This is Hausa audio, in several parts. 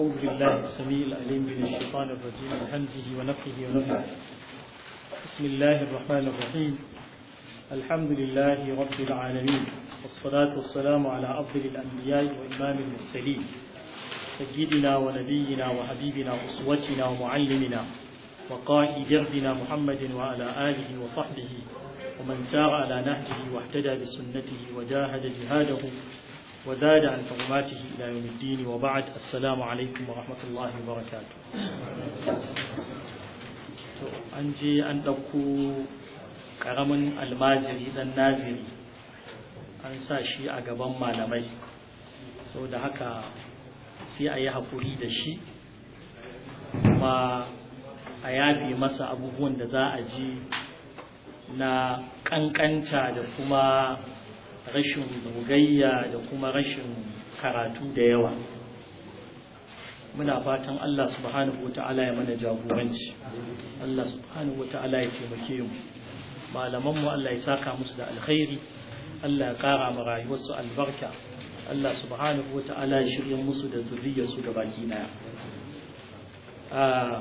أعوذ بالله السميع العليم من الشيطان الرجيم من همزه ونفخه ونفخه بسم الله الرحمن الرحيم الحمد لله رب العالمين والصلاة والسلام على أفضل الأنبياء وإمام المرسلين سيدنا ونبينا وحبيبنا وأسوتنا ومعلمنا وقائد دربنا محمد وعلى آله وصحبه ومن سار على نهجه واهتدى بسنته وجاهد جهاده وزاد عن حرماته إلى يوم الدين وبعد السلام عليكم ورحمة الله وبركاته أنجي أن أكو كرم الماجري النازري an sa shi a gaban malamai sau da haka sai a yi haƙuri da shi kuma a yafe masa abubuwan da za a ji na ƙanƙanta da kuma rashin gayya da kuma rashin karatu da yawa muna fatan Allah subhanahu wata'ala ya mana jagoranci Allah subhanahu wata'ala ya taimake mu malaman mu Allah ya saka musu da alkhairi Allah ya kara ma rayuwarsu albarka Allah subhanahu wata'ala ya shirya musu da su ga baki na ah,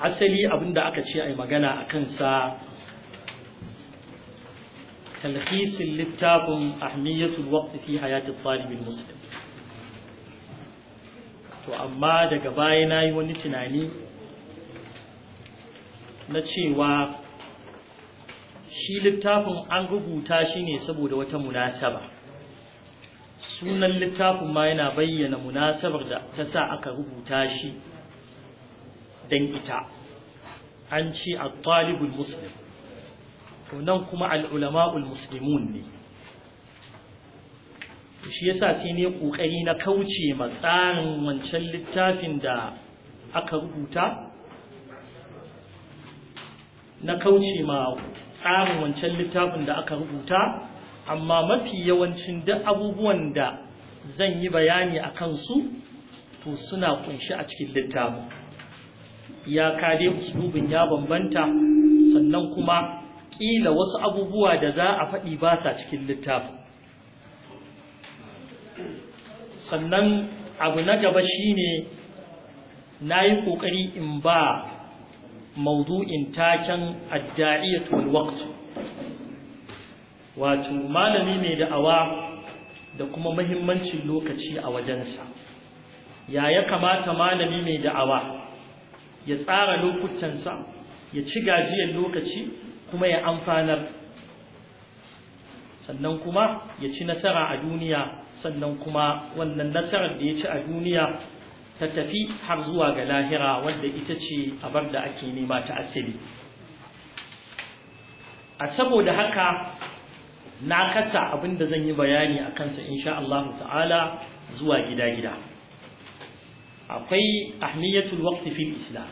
asali abinda aka ce ai magana akan sa talhisin littafin ahmiyatul waqti fi hayatul talibin muslim to amma daga baya na yi wani tunani na cewa shi littafin an rubuta shi ne saboda wata munasaba sunan littafin ma yana bayyana munasabar da ta sa aka rubuta shi don ita an ce a talibul muslim to nan kuma al'ulama'ul musulmun ne shi yasa sai ne ƙoƙari na kauce ma wancan littafin da aka rubuta na kauce ma tsarin wancan littafin da aka rubuta amma mafi yawancin duk abubuwan da zan yi bayani a kansu to suna kunshi a cikin littafin ya kare uslubin ya bambanta sannan kuma ƙila wasu abubuwa da za a faɗi ba sa cikin littafin sannan abu na gaba shine na yi ƙoƙari in ba maudu'in taken adda'iyat wal wato malami mai da'awa da kuma mahimmancin lokaci a wajensa ya ya kamata malami mai da'awa ya tsara lokutansa ya ci gajiyar lokaci kuma ya amfanar sannan kuma ya ci nasara a duniya sannan kuma wannan nasarar da ya ci a duniya ta tafi har zuwa ga lahira wadda ita ce abar da ake nema ta asali a saboda haka na kasa abinda da zan yi bayani a kansa insha Allah ta'ala zuwa gida-gida akwai ahmiyatul waqti fil islam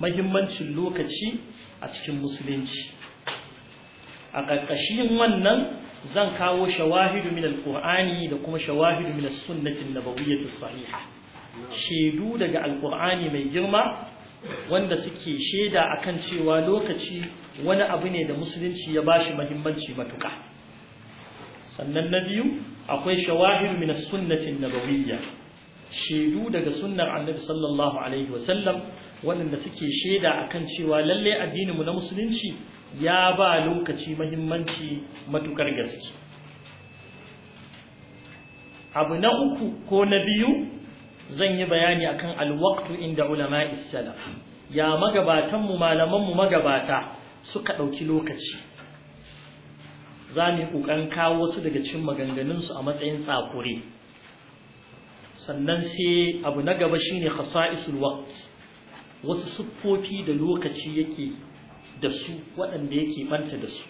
mahimmancin lokaci a cikin musulunci a ƙarƙashin wannan zan kawo shawahidu min alqur'ani da kuma shawahidu min as-sunnati an-nabawiyyah as-sahiha shedu daga alqur'ani mai girma wanda suke sheda akan cewa lokaci wani abu ne da musulunci ya bashi muhimmanci matuka sannan na biyu akwai shawahidu min as-sunnati an-nabawiyyah shedu daga sunnar annabi sallallahu alaihi wa sallam waɗanda suke shaida akan cewa lallai addininmu na musulunci ya ba lokaci mahimmanci matukar gaske abu na uku ko na biyu zan yi bayani akan alwaktu inda ulama isala ya magabatanmu malamanmu magabata suka ɗauki lokaci za mu yi ƙoƙarin kawo su daga cikin maganganunsu a matsayin tsakure sannan sai abu na gaba shine khasa'isul waqt wasu siffofi da lokaci yake da su waɗanda yake banta da su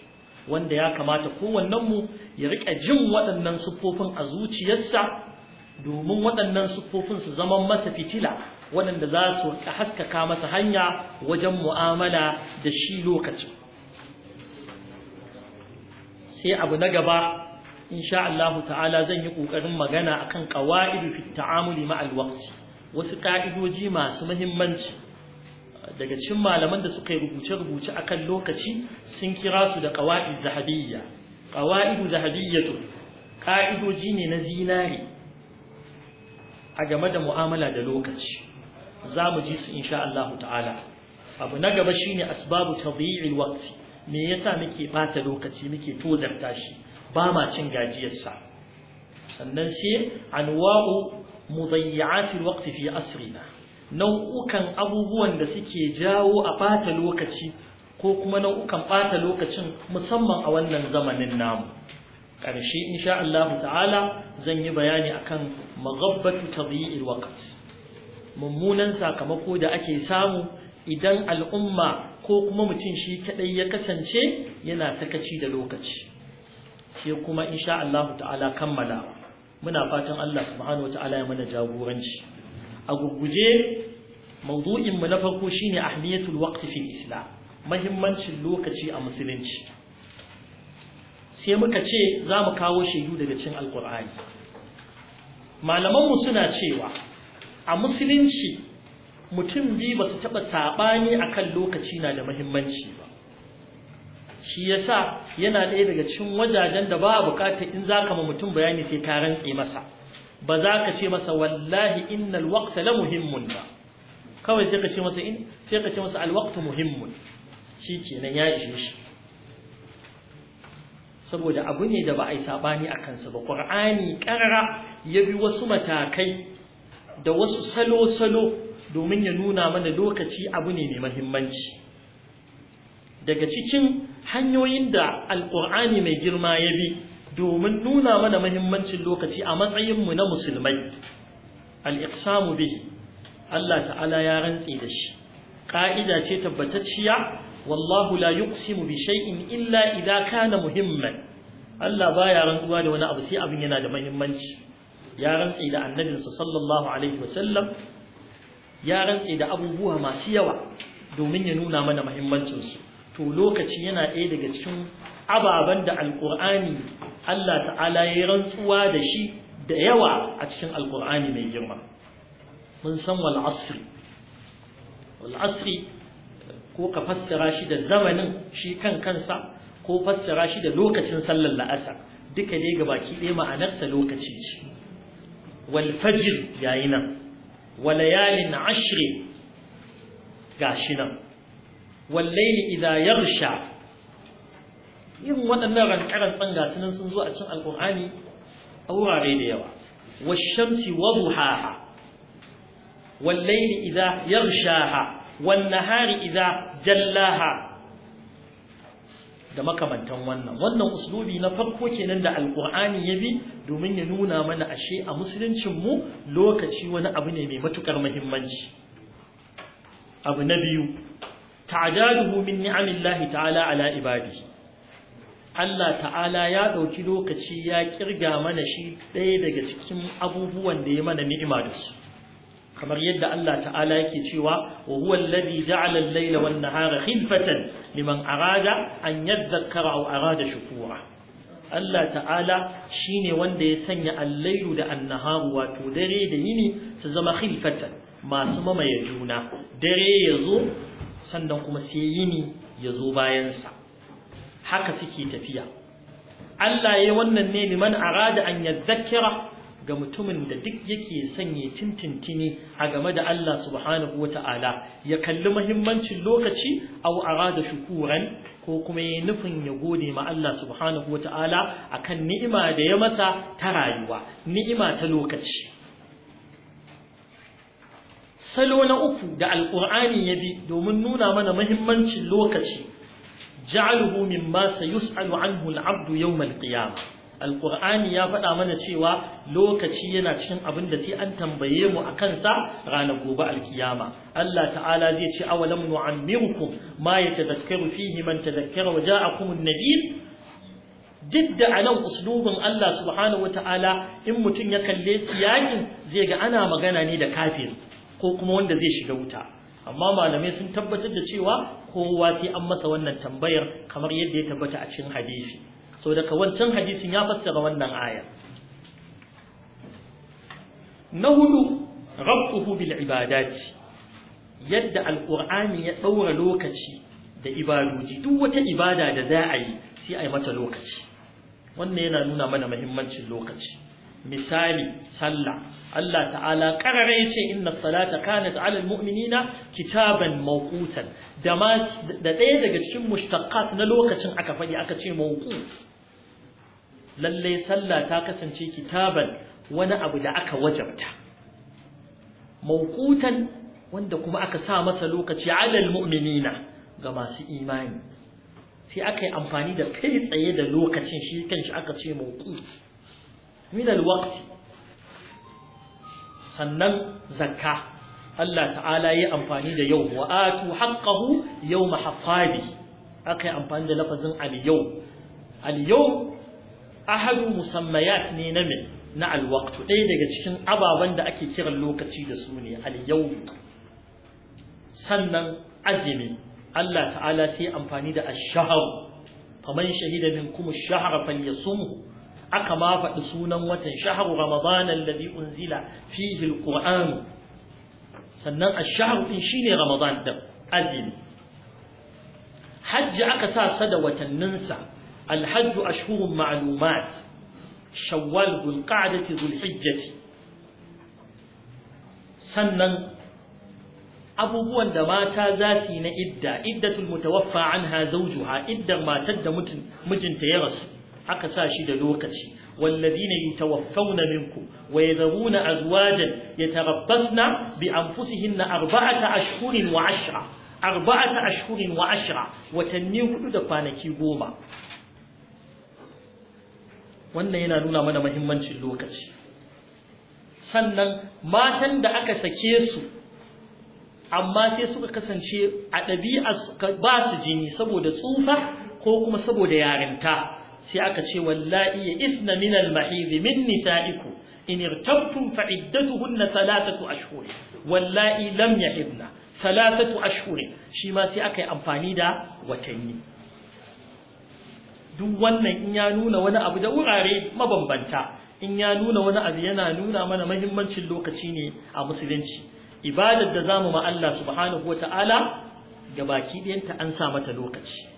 wanda ya kamata kowannenmu ya riƙa jin waɗannan siffofin a zuciyarsa domin waɗannan siffofin su zama masa fitila waɗanda za su haskaka masa hanya wajen mu'amala da shi lokacin sai abu na gaba insha Allah ta'ala zan yi ƙoƙarin magana akan qawaid fi ta'amuli ma'al wasu ƙa'idoji masu muhimmanci daga cikin malaman da suka yi rubuce-rubuce akan lokaci sun kira su da qawaid zahabiyya zahabiyya zahabiyyatu ƙa'idoji ne na zinari a game da mu'amala da lokaci za mu ji su insha Allah ta'ala abu na gaba shine asbabu tadhi'il waƙti. me yasa muke bata lokaci muke tozarta shi ba ma cin gajiyarsa sannan sai anwa'u mudayyi'atil waƙti fi asirina. nau'ukan abubuwan da suke jawo a fata lokaci ko kuma nau'ukan ɓata lokacin musamman a wannan zamanin namu Karshe insha Allah ta'ala zan yi bayani akan maghabbatu tabi'il waqt mummunan sakamako da ake samu idan al'umma ko kuma mutum shi kadai ya kasance yana sakaci da lokaci sai kuma insha Allah ta'ala kammala muna fatan Allah subhanahu wa ta'ala ya mana jagoranci a gurguje mawdu'in mu na farko shine ahmiyatul waqti fil islam mahimmancin lokaci a musulunci sai muka ce za mu kawo shaidu daga cin alkur'ani malamanmu suna cewa a musulunci mutum biyu ba su taɓa saɓani a kan lokaci na da mahimmanci ba shi yasa yana ɗaya daga cikin wajajen da ba a in za ka ma mutum bayani sai ka rantse masa ba za ka ce masa wallahi innal waqta la muhimmun ba kawai sai ka ce masa in sai ka ce masa al waqtu muhimmun nan ya ishe shi saboda abu ne da ba a yi sabani a kansa ba qur'ani karara ya bi wasu matakai da wasu salo salo domin ya nuna mana lokaci abu ne mai muhimmanci daga cikin hanyoyin da alƙur'ani mai girma ya bi domin nuna mana muhimmancin lokaci a matsayinmu na musulmai al'iqsamu bihi Allah ta'ala ya rantse da shi ƙa'ida ce tabbatacciya wallahu la yuqsimu bi shay'in illa idza kana muhimman Allah baya rantsuwa da wani abu sai abin yana da muhimmanci ya rantse da annabinsa sallallahu alaihi wasallam ya rantse da abubuwa masu yawa domin ya nuna mana muhimmancin su to lokaci yana ɗaya daga cikin ababen da alƙur'ani Allah ta'ala ya rantsuwa da shi da yawa a cikin alƙur'ani mai girma mun san wal asri wal asri ko ka fassara shi da zamanin shi kan kansa ko fassara shi da lokacin sallar la'asa duka dai ga baki ɗaya ma'anarsa lokaci ce wal fajr yayi nan wa ashire ashri gashi nan wallaili idza yaghsha irin waɗannan rantsaran ga sun zo a cikin alqur'ani a wurare da yawa wash-shamsi wa duhaha wallaili idza yaghshaha wan-nahari idza jallaha da makamantan wannan wannan uslubi na farko kenan da alqur'ani ya bi domin ya nuna mana ashe a musuluncin mu lokaci wani abu ne mai matukar muhimmanci abu na biyu ta'adaduhu min ni'amillahi ta'ala ala ibadi Allah ta'ala ya ɗauki lokaci ya kirga mana shi ɗaya daga cikin abubuwan da ya mana ni'ima da su kamar yadda Allah ta'ala yake cewa wa huwa alladhi ja'ala al-layla nahara khilfatan liman arada an yadhakkara aw arada shukura Allah ta'ala shine wanda ya sanya allailu da an-naharu wato dare da yini su zama khilfatan masu mamaye juna dare ya zo sannan kuma sai yini ya zo bayansa haka suke tafiya Allah ya wannan ne liman arada an zakkira ga mutumin da duk yake sanye tintintini a game da Allah subhanahu wata'ala ya kalli muhimmancin lokaci aw arada shukuran ko kuma ya nufin ya gode ma Allah subhanahu wata'ala akan ni'ima da ya masa ta rayuwa ni'ima ta lokaci salo na uku da alƙur'ani ya bi domin nuna mana muhimmancin lokaci ja'aluhu mimma sayus'alu anhu al yawm al alƙur'ani ya faɗa mana cewa lokaci yana cikin abin da sai an tambaye mu a kansa ranar gobe alkiyama Allah ta'ala zai ce awalam nu'ammirukum ma yatadhakkaru fihi man tadhakkara wa ja'akum an-nadhir didda anan uslubin Allah subhanahu Ta'ala in mutum ya kalle siyakin zai ga ana magana ne da kafin? ko kuma wanda zai shiga wuta amma malamai sun tabbatar da cewa kowa sai an masa wannan tambayar kamar yadda ya tabbata a cikin hadisi so daga wancan hadisin ya fassara wannan aya na hudu rabbuhu bil ibadati yadda alqur'ani ya daura lokaci da ibadoji duk wata ibada da za a yi sai a yi mata lokaci wannan yana nuna mana muhimmancin lokaci misali sallah Allah ta'ala karare yace inna salata kanat 'alal mu'minina kitaban mawqutan da ma da ɗaya daga cikin mushtaqqat na lokacin aka faɗi aka ce mawqut lalle sallah ta kasance kitaban wani abu da aka wajabta mawqutan wanda kuma aka sa masa lokaci 'alal mu'minina ga masu imani sai aka yi amfani da kai tsaye da lokacin shi kanshi aka ce mawqut min alwaqti sannan zakka Allah ta'ala yi amfani da yau wa atu haqqahu yawma aka akai amfani da lafazin al-yau al-yau ahadu musammayat ne na min na al-waqt ɗaya daga cikin ababen da ake kiran lokaci da su ne al sannan azumi Allah ta'ala sai amfani da ash-shahr faman shahida minkum ash-shahr falyasumhu aka ma faɗi sunan watan shahru ramadan alladhi unzila fihi alquran sannan ash-shahr din shine ramadan din azumi hajji aka sa sa da watanninsa الحج أشهر معلومات شوال ذو القعدة ذو الحجة سنن abubuwan da mata za su yi na idda iddatul mutawaffa anha zawjuha iddar matar da mijinta ya rasu aka sa shi da lokaci wallazina yutawaffawna minkum wa yadhuruna azwajan yatarabbasna bi anfusihinna arba'ata ashhurin wa ashra arba'ata ashhurin wa ashra wa tanni hudu da kwanaki goma wannan yana nuna mana muhimmancin lokaci sannan matan da aka sake su amma sai suka kasance a ɗabi'a ba su jini saboda tsufa ko kuma saboda yarinta sai aka ce wallahi ya isna min al-mahidh min nisa'ikum in irtabtum fa iddatuhunna thalathatu ashhur wallahi lam yahidna thalathatu ashhur shi ma sai aka yi amfani da watanni duk wannan in ya nuna wani abu da wurare mabambanta in ya nuna wani abu yana nuna mana mahimmancin lokaci ne a musulunci ibadar da zamu ma Allah subhanahu wataala ga baki ɗayanta an sa mata lokaci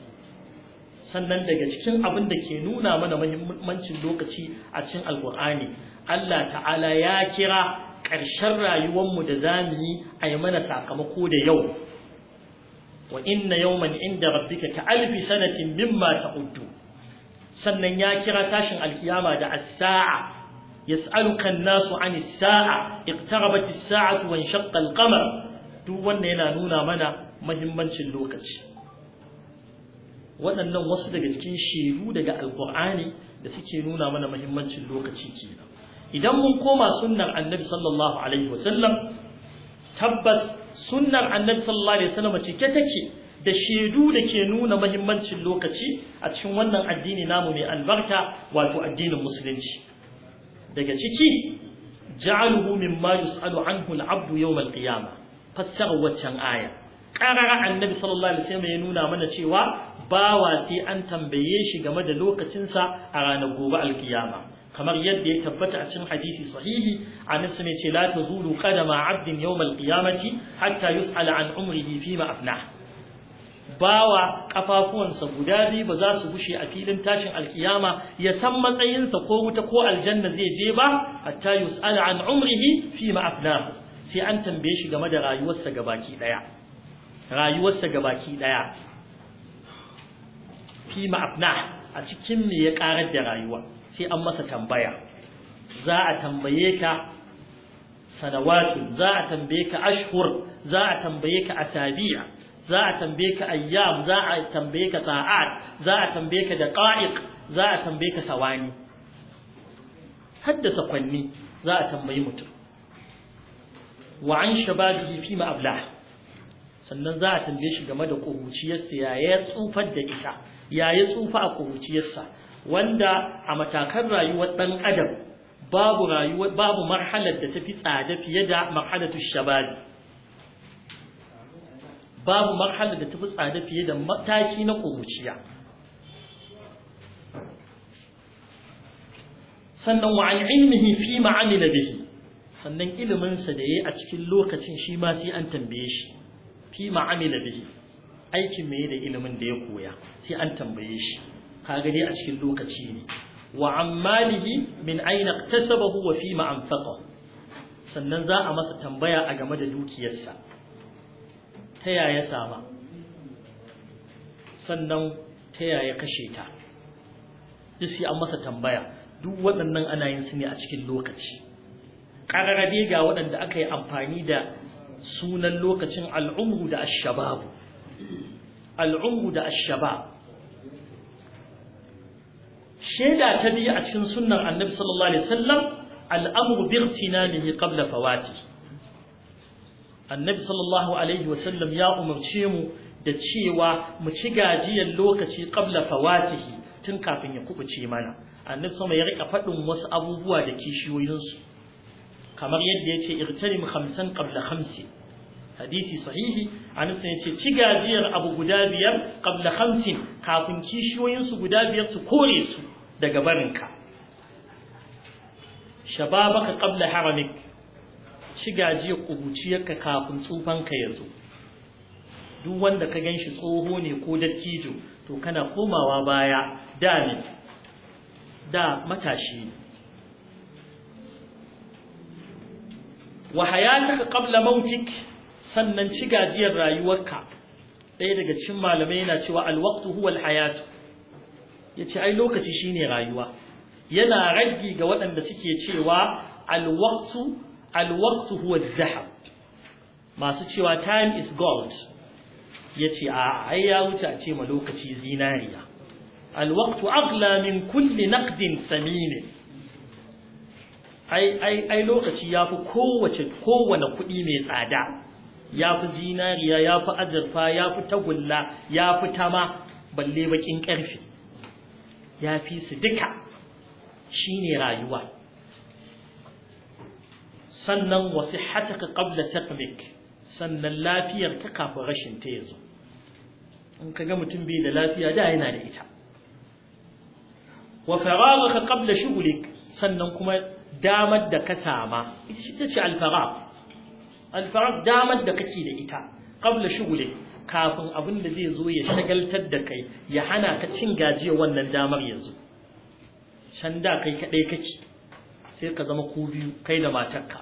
sannan daga cikin abin da ke nuna mana mahimmancin lokaci a cikin alkur'ani Allah ta'ala ya kira ƙarshen rayuwarmu da zamu yi a yi mana sakamako da yau wa inna yawman inda rabbika ka alfi sanatin mimma ta'uddu sannan ya kira tashin alkiyama da as-sa'a yas'aluka an-nasu 'an as-sa'a iqtarabat as-sa'atu wa inshaqqa al-qamar duk wannan yana nuna mana mahimmancin lokaci waɗannan wasu daga cikin shaidu daga alƙur'ani da suke nuna mana muhimmancin lokaci kenan idan mun koma sunnar annabi sallallahu alaihi sallam, tabbas sunnar annabi sallallahu alaihi wasallam cike take da shaidu da ke nuna mahimmancin lokaci a cikin wannan addini namu mai albarka wato addinin musulunci daga ciki ja'aluhu mimma yus'alu anhu al-'abdu yawm al-qiyamah fassara waccan aya qarara annabi sallallahu alaihi wasallam ya nuna mana cewa bawa sai an tambaye shi game da lokacinsa a ranar gobe alkiyama kamar yadda ya tabbata a cikin hadisi sahihi anas ya ce la tazulu qadama abdin yawm alqiyamati hatta yus'ala an umrihi fima afna. bawa kafafuwansa guda biyu ba za su gushe a filin tashin alkiyama ya san matsayinsa ko wuta ko aljanna zai je ba hatta yus'ala an umrihi fima afna, sai an tambaye shi game da rayuwarsa gabaki daya rayuwarsa gabaki daya fi ma'afna a cikin me ya karar da rayuwa sai an masa tambaya za a tambaye ka sanawatu za a tambaye ka ashhur za a tambaye ka asabi'a za a tambaye ka ayyam za a tambaye ka sa'at za a tambaye ka daqa'iq za a tambaye ka sawani haddasa kwanni za a tambayi mutum wa an shababihi fi ma'ablah sannan za a tambaye shi game da ƙuruciyarsa ya ya tsufar da ita ya tsufa a kuruciyarsa wanda a matakan rayuwar ɗan adam babu rayuwa babu marhalar da tafi tsada fiye da marhalatu shababi babu marhalar da tafi tsada fiye da mataki na kuruciya sannan wa an ilmihi fi ma'amila bihi sannan iliminsa da yayi a cikin lokacin shi ma sai an tambaye shi fi ma'amila bihi aikin mai da ilimin da ya koya sai an tambaye shi ka gani a cikin lokaci ne wa ammalihi min aina iktasabahu wa fi ma anfaqa sannan za a masa tambaya a game da dukiyarsa ta yaya sama sannan ta yaya kashe ta sai an masa tambaya duk waɗannan ana yin su ne a cikin lokaci ƙararrabe ga waɗanda aka yi amfani da sunan lokacin al'umru da ashababu al'umru da ashaba shaida ta biyu a cikin sunan annabi sallallahu alaihi wasallam al'amru bi irtinanihi qabla fawati annabi sallallahu alaihi wasallam ya umarce mu da cewa mu ci gajiyar lokaci ƙabla fawatihi tun kafin ya kubuce mana annabi sama ya rika faɗin wasu abubuwa da kishiyoyinsu kamar yadda ya ce mu hamsin qabla hamsin, hadisi sahihi Anas ya ce ci gajiyar abu guda biyar ƙabla hamsin, kafin kishiyoyin su guda biyar su kore su daga barinka shababaka ƙabla haramik ci gajiyar kubuciyarka kafin tsufanka ya zo duk wanda ka ganshi tsoho ne ko dattijo to kana komawa baya da ne da matashi ne wa ka ƙabla mautik sannan ci gajiyar rayuwarka ɗaya daga cikin malamai yana cewa alwaqtu huwa alhayatu ce ai lokaci shine rayuwa yana rage ga waɗanda suke cewa alwaqtu alwaqtu huwa zahab. masu cewa time is gold yace a ai ya wuce a ce ma lokaci zinariya alwaqtu aghla min kulli naqdin samin ai ai ai lokaci yafi kowace kowane kuɗi mai tsada ya fi zinariya ya fi azurfa ya fi tagulla ya fi tama balle bakin ƙarfe ya fi su duka shine rayuwa sannan wasu hataka ƙabla teknik sannan lafiyar ta kafin rashin ta yazo in ka ga mutum bai da lafiya da yana da ita wa ka qabla shugulik sannan kuma damar da ka sama ita ce alfaragh alfarar damar da kake da ita kabla shugule, kafin abin da zai zo ya shagaltar da kai ya hana ka cin gajiya wannan damar yanzu can da kai kaɗai kake sai ka zama ku biyu kai da matarka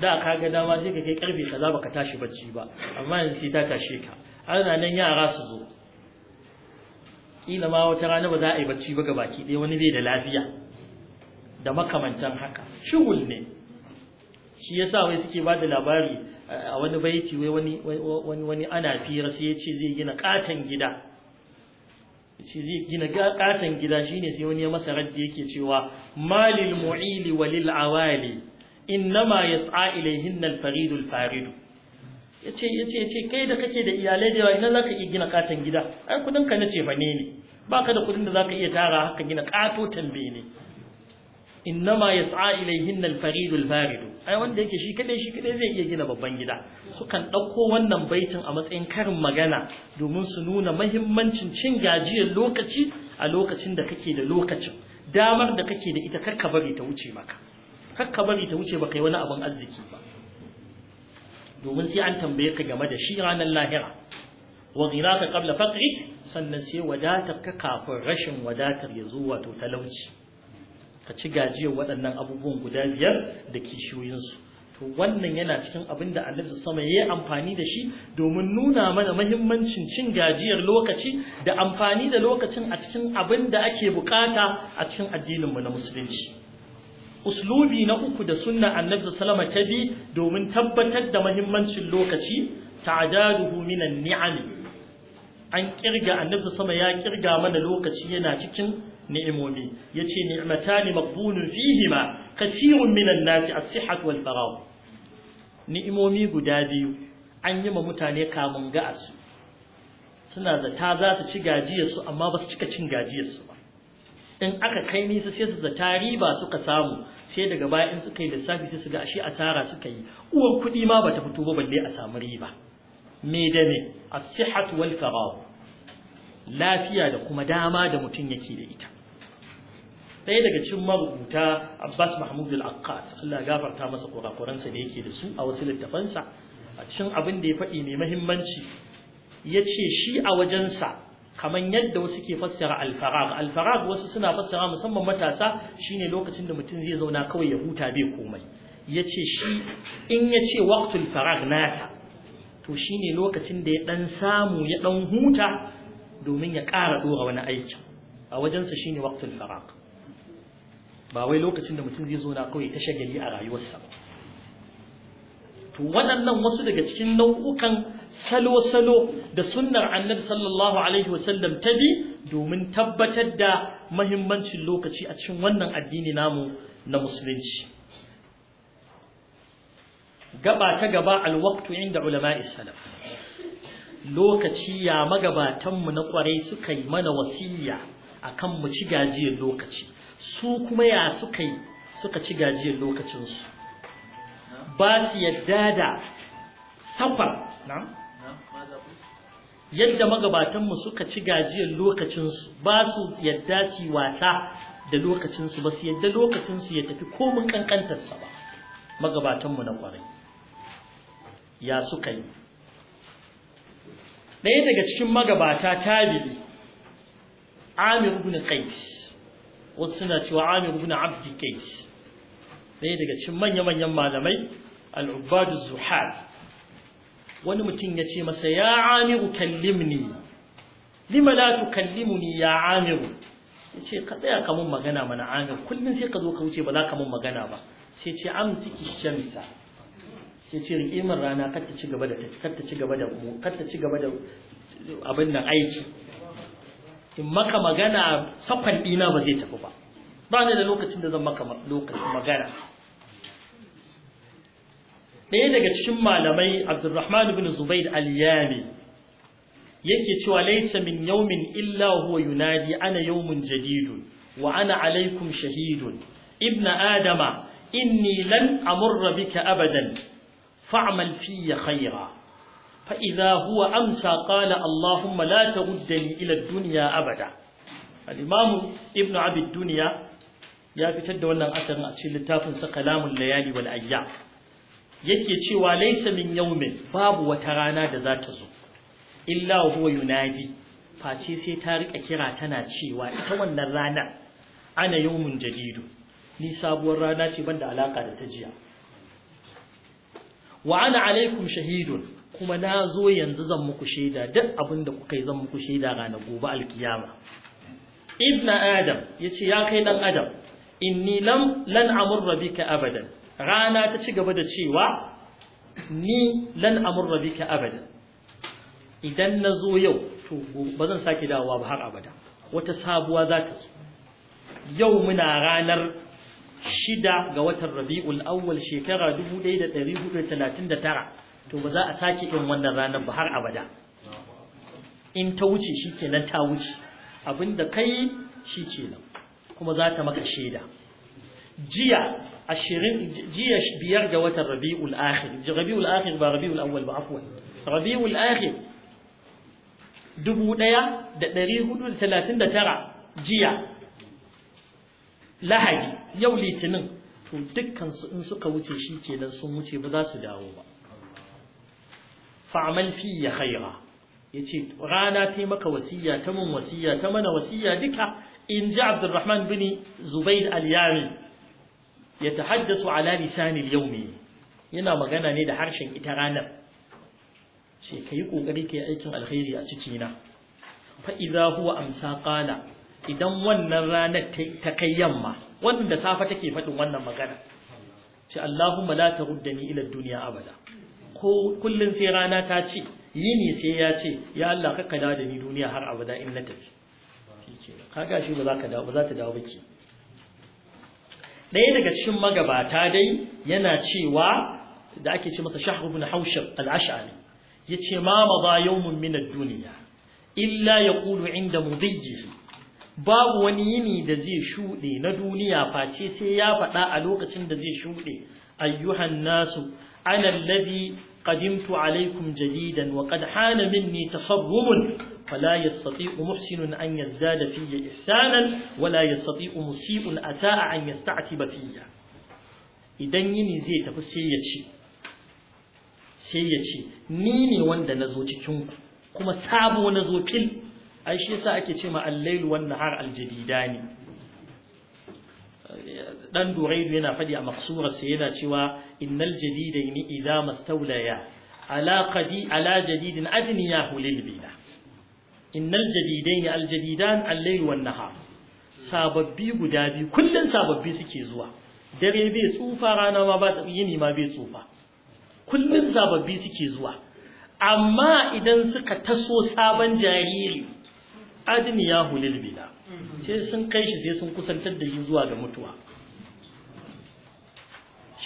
da ka ga dama sai ka kai karfe kaza ka tashi bacci ba amma yanzu sai ta tashe ka ana nan yara su zo kila ma wata rana ba za a yi bacci ba gabaki ɗaya wani bai da lafiya da makamantan haka shugul ne shi yasa wai suke ba da labari a wani baiti wai wani wani ana fira sai yace zai gina katan gida yace zai gina katan gida shine sai wani ya masa raddi yake cewa malil mu'ili walil awali innama yas'a ilayhin al-faridul faridu ce yace ce kai da kake da iyalai da yawa ina zaka iya gina katan gida ai kudin ka ce fa ne ne ka da kudin da zaka iya tara haka gina kato tambaye ne innama yas'a ilayhin al-faridul faridu ai wanda yake shi kadai shi kadai zai iya gina babban gida sukan ɗauko wannan baitin a matsayin karin magana domin su nuna mahimmancin cin gajiyar lokaci a lokacin da kake da lokacin damar da kake da ita karka bari ta wuce maka karka bari ta wuce baka yi wani abin arziki ba domin sai an tambaye ka game da shi ranar lahira wa ghiraka qabla faqri sannan sai wadatar ka kafin rashin wadatar ya zo wato talauci ka ci gajiyar waɗannan abubuwan guda biyar da kishiyoyinsu to wannan yana cikin abin da annabi sama ya yi amfani da shi domin nuna mana mahimmancin cin gajiyar lokaci da amfani da lokacin a cikin abin da ake bukata a cikin addininmu na musulunci uslubi na uku da sunna annabi sallama ta bi domin tabbatar da mahimmancin lokaci ta'adaduhu minan ni'am an kirga annabi sama ya kirga mana lokaci yana cikin ni'imomi yace ni'matani maqbunun fihima kathirun minan nasi as-sihhat wal ni'imomi guda biyu an yi ma mutane kamun ga su suna zata za su ci gajiyar su amma ba su cika cin gajiyar su ba in aka kai nisa sai su zata riba suka samu sai daga baya in suka yi lissafi sai su ga ashe asara suka yi uwan kuɗi ma bata fito ba balle a samu riba me da me as-sihhat wal lafiya da kuma dama da mutum yake da ita ɗaya daga cikin marubuta Abbas Mahmud al-Aqqas Allah gafarta masa kurakuransa da yake da su a wasu littafansa a cikin abin da ya faɗi mai muhimmanci ya ce shi a wajensa kamar yadda wasu ke fassara alfarag alfarag wasu suna fassara musamman matasa shine lokacin da mutum zai zauna kawai ya huta bai komai ya ce shi in ya ce waqtul farag nasa to shine lokacin da ya ɗan samu ya ɗan huta domin ya ƙara ɗora wani aiki a wajensa shine waqtul farag ba wai lokacin da mutum zai zo na kawai ta shagali a rayuwarsa ba to waɗannan wasu daga cikin nau'ukan salo-salo da sunnar annabi sallallahu alaihi wasallam ta bi domin tabbatar da mahimmancin lokaci a cikin wannan addini namu na musulunci gaba ta gaba alwaktu inda ulama'i salaf lokaci ya magabatanmu na kwarai suka yi mana wasiya akan mu ci gajiyar lokaci su kuma ya suka yi suka ci gajiyar lokacinsu ba su yadda da safar yadda magabatanmu suka ci gajiyar lokacinsu ba su yadda su wasa da lokacinsu ba su yadda lokacinsu ya tafi komin kankantarsa ba magabatanmu na kwarai ya suka yi ɗaya daga cikin magabata tabi'i amir ibn qais wasu suna cewa amir ibn abdi kais ɗaya daga cikin manya-manyan malamai al-ubadu zuhal wani mutum ya ce masa ya amiru kallimni lima la tukallimuni ya amiru ya ce ka tsaya ka mun magana mana amir kullum sai ka zo ka wuce ba za ka mun magana ba sai ce tiki shamsa sai ce riƙe rana kar ta ci gaba da ta ci gaba da kar ta ci gaba da abin nan aiki in maka magana sakon ɗina ba zai tafi ba ba ni da lokacin da zan maka lokacin magana ɗaya daga cikin malamai abdurrahman ibn zubair al-yami yake cewa laysa min yawmin illa huwa yunadi ana yawmin jadidun wa ana alaikum shahidun ibn adama inni lan amurra bika abadan fa'mal fiyya khaira فإذا هو أمسى قال اللهم لا تردني إلى الدنيا أبدا الإمام ابن عبد الدنيا يا فتد ولا أثر أشيل تافنس كلام الليالي والأيام yake cewa laisa min yaumin babu wata rana da za ta zo illa huwa yunadi face sai ta rika kira tana cewa ita wannan rana ana yaumin jadidu ni sabuwar rana ce banda alaka da ta jiya wa ana alaikum shahidun kuma na zo yanzu zan muku shaida duk abin da kuka yi zan muku shaida ranar gobe alkiyama ibn adam ya ce, ya kai dan adam inni lam lan amurra bika abadan rana ta ci gaba da cewa ni lan amurra bika abadan idan na zo yau to ba zan sake dawowa ba har abada wata sabuwa za ta zo yau muna ranar shida ga watan rabi'ul awwal shekara 1439 to ba za a sake yin wannan ranar ba har abada in ta wuce shikenan ta wuce abinda kai shikenan kuma za ta maka shaida jiya ashirin jiya biyar ga watan rabi'ul akhir rabi'ul akhir ba rabi'ul awwal ba afwan rabi'ul akhir dubu ɗaya da ɗari hudu da talatin da tara jiya lahadi yau litinin to dukkansu in suka wuce shikenan sun wuce ba za su dawo ba fa'amal fi ya khaira yace rana ta maka wasiya ta mun wasiya ta mana wasiya duka in ji Abdurrahman bin Zubair al-Yami ya tahaddasu ala lisan yau ne. yana magana ne da harshen ita ranar ce kai ka yi aikin alkhairi a ciki na huwa amsa ƙala idan wannan ranar ta kai yamma wanda safa take faɗin wannan magana ce Allahumma la taruddani ila duniya abada ko kullum sai rana ta ce yini sai ya ce ya Allah ka dawo da ni duniya har abada in na tafi kaga shi ba za ka dawo ba za ta dawo baki ɗaya daga cikin magabata dai yana cewa da ake ce masa shahru ibn haushab al-ash'ari yace ma madha yawmun min ad-dunya illa yaqulu inda mudayyihi babu wani yini da zai shuɗe na duniya face sai ya faɗa a lokacin da zai shuɗe ayyuhan nasu أنا الذي قدمت عليكم جديدا وقد حان مني تصرم فلا يستطيع محسن أن يزداد في إحسانا ولا يستطيع مسيء أتاء أن يستعتب فيا idan yini zai tafi sai ya ni ne wanda na zo cikin kuma sabo na zo fil ai shi yasa ake ce ma al-lailu wan nahar al-jadida ne dan duraidu yana faɗi a maksura sai yana cewa innal jadidaini idza mastawlaya ala qadi ala jadidin adniyahu hulil bina innal jadidaini al jadidan al layl wan nahar sababbi guda biyu kullun sababbi suke zuwa dare bai tsufa rana ma ba yini ma bai tsufa kullun sababbi suke zuwa amma idan suka taso sabon jariri ya hulil bina sai sun kai shi sai sun kusantar da shi zuwa ga mutuwa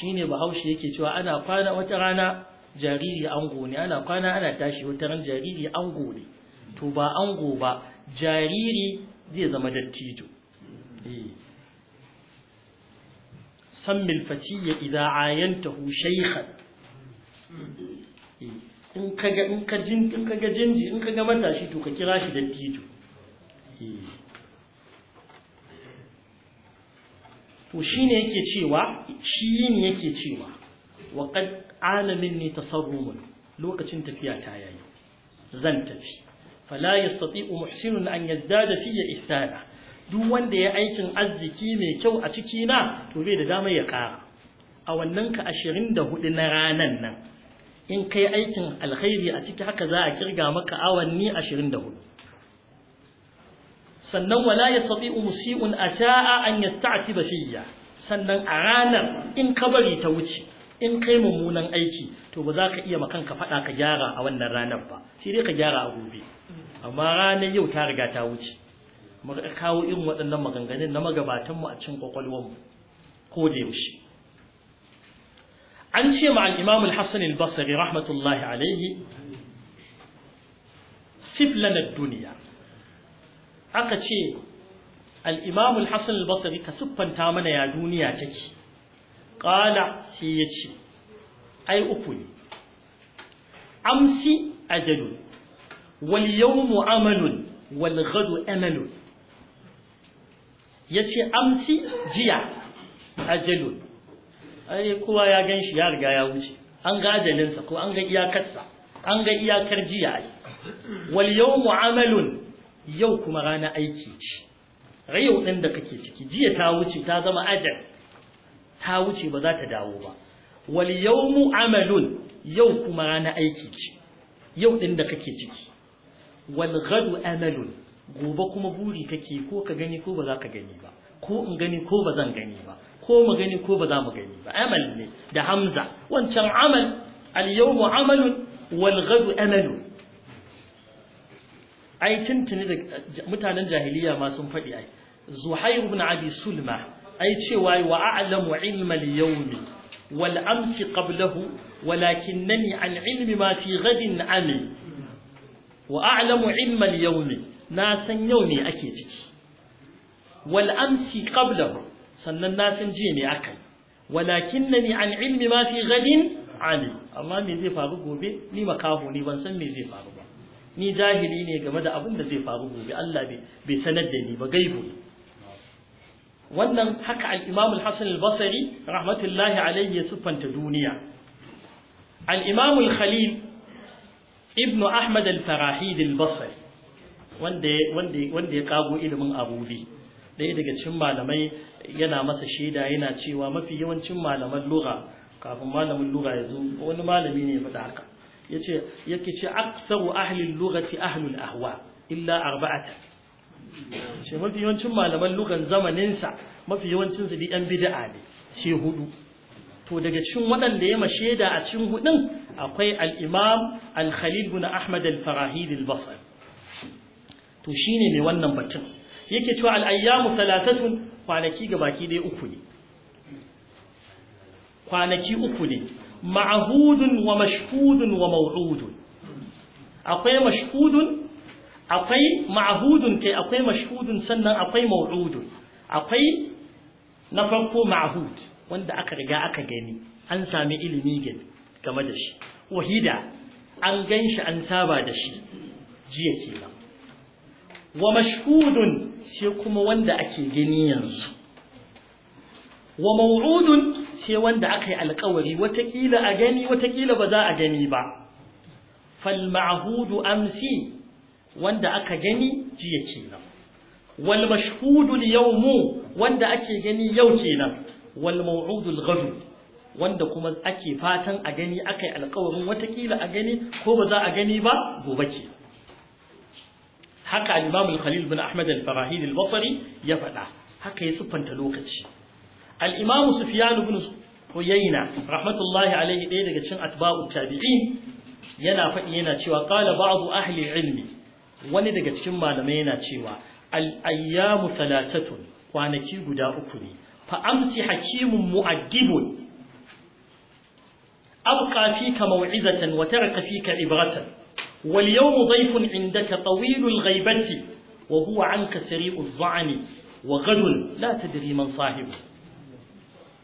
shine bahaushe yake cewa ana kwana wata rana jariri ango ne ana kwana ana tashi wata ran jariri ango ne to ba ango ba jariri zai zama dattijo eh. sammil fatiya idza ayantahu shaykhan eh. in kaga in ka ga jinji in kaga matashi to ka kira shi dattijo eh. to shine yake cewa shi ne yake cewa wa alamin ne ta tasarrumun lokacin tafiya ta yayi zan tafi fala yastati'u muhsinun an yazdada fi ihsana duk wanda ya aikin arziki mai kyau a ciki na to bai da damar ya kara a wannan ka 24 na ranan nan in kai aikin alkhairi a ciki haka za a kirga maka awanni 24 sannan wala a musii'un ata'a an yasta'tiba fiyya sannan a ranar in kabari ta wuce in kai mummunan aiki to ba za ka iya ka faɗa ka gyara a wannan ranar ba sai dai ka gyara a gobe amma ranar yau ta riga ta wuce muka kawo irin waɗannan maganganun na magabatanmu a cikin mu. ko da yaushe an ce ma al-imam al-hassan al-basri rahmatullahi alaihi sif lana duniya aka ce al-imam al-hasan ka siffanta mana ya duniya take Ƙala sai ya ce ai uku ne amsi ajalu wal yawmu amalun wal ghadu amalun ce amsi jiya ajalun ai kowa ya gan shi ya riga ya wuce an ga ajalinsa ko an ga iyakarsa an ga iyakar jiya ai wal yawmu amalun yau kuma rana aiki ce rayau ɗin da kake ciki jiya ta wuce ta zama ajal ta wuce ba za ta dawo ba wal yawmu amalun yau kuma rana aiki ce yau ɗin da kake ciki wal ghadu amalun gobe kuma buri kake ko ka gani ko ba za ka gani ba ko in gani ko ba zan gani ba ko mu gani ko ba za mu gani ba amal ne da hamza wancan amal al yawmu amalun wal ghadu amalun ai tuntuni da mutanen jahiliya ma sun faɗi ai zuhair ibn abi sulma ai cewa wa a'lamu ilma al-yawmi wal amsi qablahu walakinnani an ilmi ma fi ghadin ami wa a'lamu ilma al-yawmi na san yau ne ake ciki wal amsi qablahu sannan na san jiya ne akai walakinnani an ilmi ma fi ghadin ami amma me zai faru gobe ni makaho ne ban san me zai faru ba ni jahili ne game da abin da zai faru gobe Allah bai sanar da ni ba gaibu wannan haka al-Imam al-Hasan al-Basri rahmatullahi alayhi ya siffanta duniya al-Imam al-Khalil ibn Ahmad al-Farahid al-Basri wanda wanda wanda ya kago ilimin abubi ɗaya daga cikin malamai yana masa shaida yana cewa mafi yawancin malaman lugha kafin malamin lugha ya zo wani malami ne ya faɗa haka yace yake ce aktsaru ahli lughati ahlul ahwa illa arba'ata ce mafi yawancin malaman lugan zamanin sa mafi yawancin su bida'a bid'a ne sai hudu to daga cikin waɗanda ya da a cikin hudun akwai al-imam al-khalil bin ahmad al-farahidi al-basri to shine mai wannan batun yake cewa al-ayyamu thalathatun kwanaki ga baki dai uku ne kwanaki uku ne ma'ahudun wa mashhudun wa maw'udun akwai mashhudun akwai ma'ahudun kai akwai mashhudun sannan akwai maw'udun akwai na farko ma'ahud wanda aka riga aka gani an sami ilimi game da shi wahida an ganshi an saba da shi jiya kenan wa mashhudun sai kuma wanda ake gani yanzu wa maw'udun sai wanda aka yi alkawari watakila a gani watakila ba za a gani ba fal ma'hudu amsi wanda aka gani jiya kenan wal mashhudu yawmu wanda ake gani yau kenan wal maw'udul ghadu wanda kuma ake fatan a gani akai yi alkawarin watakila a gani ko ba za a gani ba gobe ke haka al-imam al-khalil bin ahmad al-farahid al-basri ya faɗa haka ya siffanta lokaci al-imam sufyan ibn uyayna rahmatullahi alayhi ɗaya daga cikin atba'u tabi'in yana faɗi yana cewa qala ba'du ahli ilmi wani daga cikin malamai yana cewa al-ayyamu thalathatun kwanaki guda uku ne fa hakimun mu'addibun أبقى فيك موعظة وترك فيك عبرة واليوم ضيف عندك طويل الغيبة وهو عنك سريء الظعن وغد لا تدري من صاحبه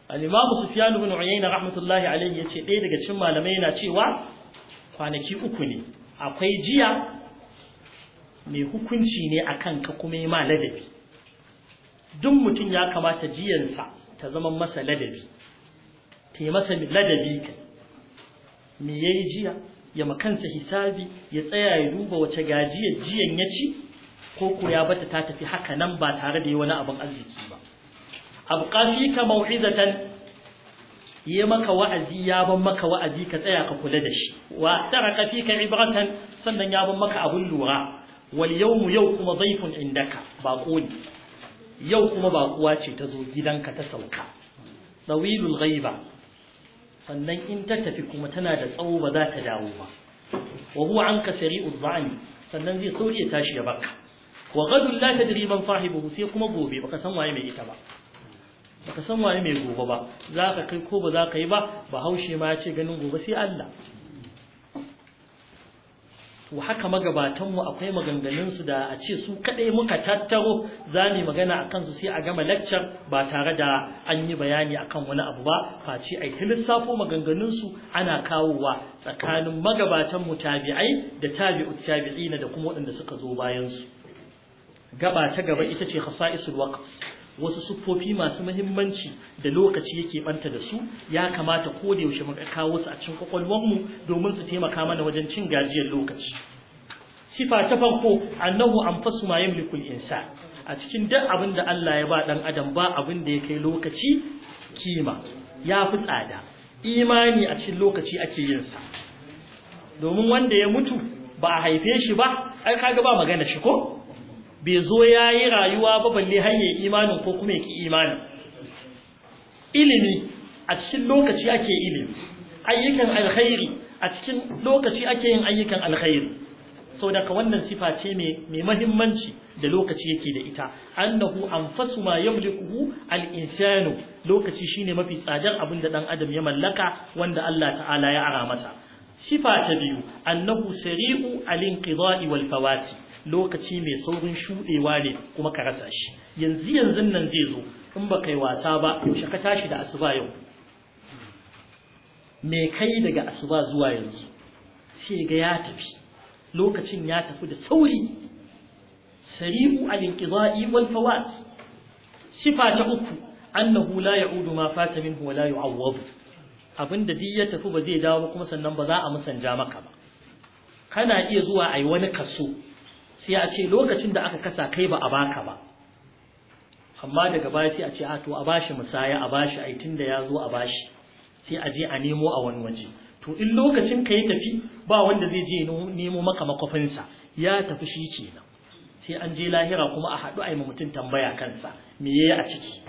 Alimamu Sufiyanu sufyan ibn uyayna rahmatullahi alayhi yace ɗaya daga cikin malamai yana cewa kwanaki uku ne akwai jiya mai hukunci ne akan ka kuma yi ma ladabi duk mutum ya kamata jiyansa ta zama masa ladabi ta yi masa ladabi ka. me yayi jiya ya makansa hisabi ya tsaya ya duba wace gajiyar jiyan ya ci ko ko ya bata ta tafi haka nan ba tare da wani abin arziki ba abqa ka mau'izatan yi maka wa'azi ya ban maka wa'azi ka tsaya ka kula da shi wa taraka fika ibratan sannan ya ban maka abun lura wal yawmu yau kuma zaifun indaka baƙo ne yau kuma bakuwa ce ta zo gidanka ta sauka dawilul ghaiba sannan in ta tafi kuma tana da tsawo ba za ta dawo ba wa huwa anka sari'uz za'ni sannan zai sauri ya tashi ya baka wa gadun la tadri man sahibuhu sai kuma gobe baka san waye mai ita ba baka san wani mai gobe ba za ka kai ko ba za ka yi ba ba haushe ma ya ce ganin gobe sai Allah to haka magabatanmu akwai maganganunsu da a ce su kaɗai muka tattaro za magana a kansu sai a gama laccar ba tare da an yi bayani akan wani abu ba face a lissafo maganganunsu ana kawowa tsakanin magabatanmu tabi'ai da tabi'u tabi'ina da kuma waɗanda suka zo bayansu gaba ta gaba ita ce khasa'isul waqt wasu siffofi masu muhimmanci da lokaci yake banta da su ya kamata ko da yaushe mu kawo su a cikin mu domin su taimaka mana wajen cin gajiyar lokaci sifa ta farko annahu anfasu ma yamliku al insa. a cikin duk abin da Allah ya ba dan adam ba abin da ya kai lokaci kima ya fi tsada imani a cikin lokaci ake yin sa domin wanda ya mutu ba a haife shi ba ai kaga ba magana shi ko bai zo ya yi rayuwa ba balle har yi imanin ko kuma yake imanin ilimi a cikin lokaci ake ilimi ayyukan alkhairi a cikin lokaci ake yin ayyukan alkhairi sau daga wannan sifa ce mai mahimmanci da lokaci yake da ita annahu anfasu ma yamlikuhu al-insanu lokaci shine mafi tsadar abin da ɗan adam ya mallaka wanda Allah ta'ala ya ara masa sifa ta biyu annahu sari'u alin inqidai wal fawati lokaci mai saurin shuɗewa ne kuma ka rasa shi yanzu yanzu nan zai zo in ba kai wasa ba yaushe ka tashi da asuba yau me kai daga asuba zuwa yanzu sai ga ya tafi lokacin ya tafi da sauri sari'u al-inqida'i wal fawat sifa ta uku annahu la ya'udu ma fata minhu wa la yu'awwadu abinda duk ya tafi ba zai dawo kuma sannan ba za a musanja maka ba kana iya zuwa ai wani kaso sai a ce lokacin da aka kasa kai ba a baka ba amma daga baya sai a ce a to a bashi musaya a bashi ai tunda ya zo a bashi sai a je a nemo a wani waje to in lokacin ka ya tafi ba wanda zai je nemo maka makwafinsa ya tafi shi kenan sai an je lahira kuma a haɗu a yi mutum tambaya kansa me yayi a ciki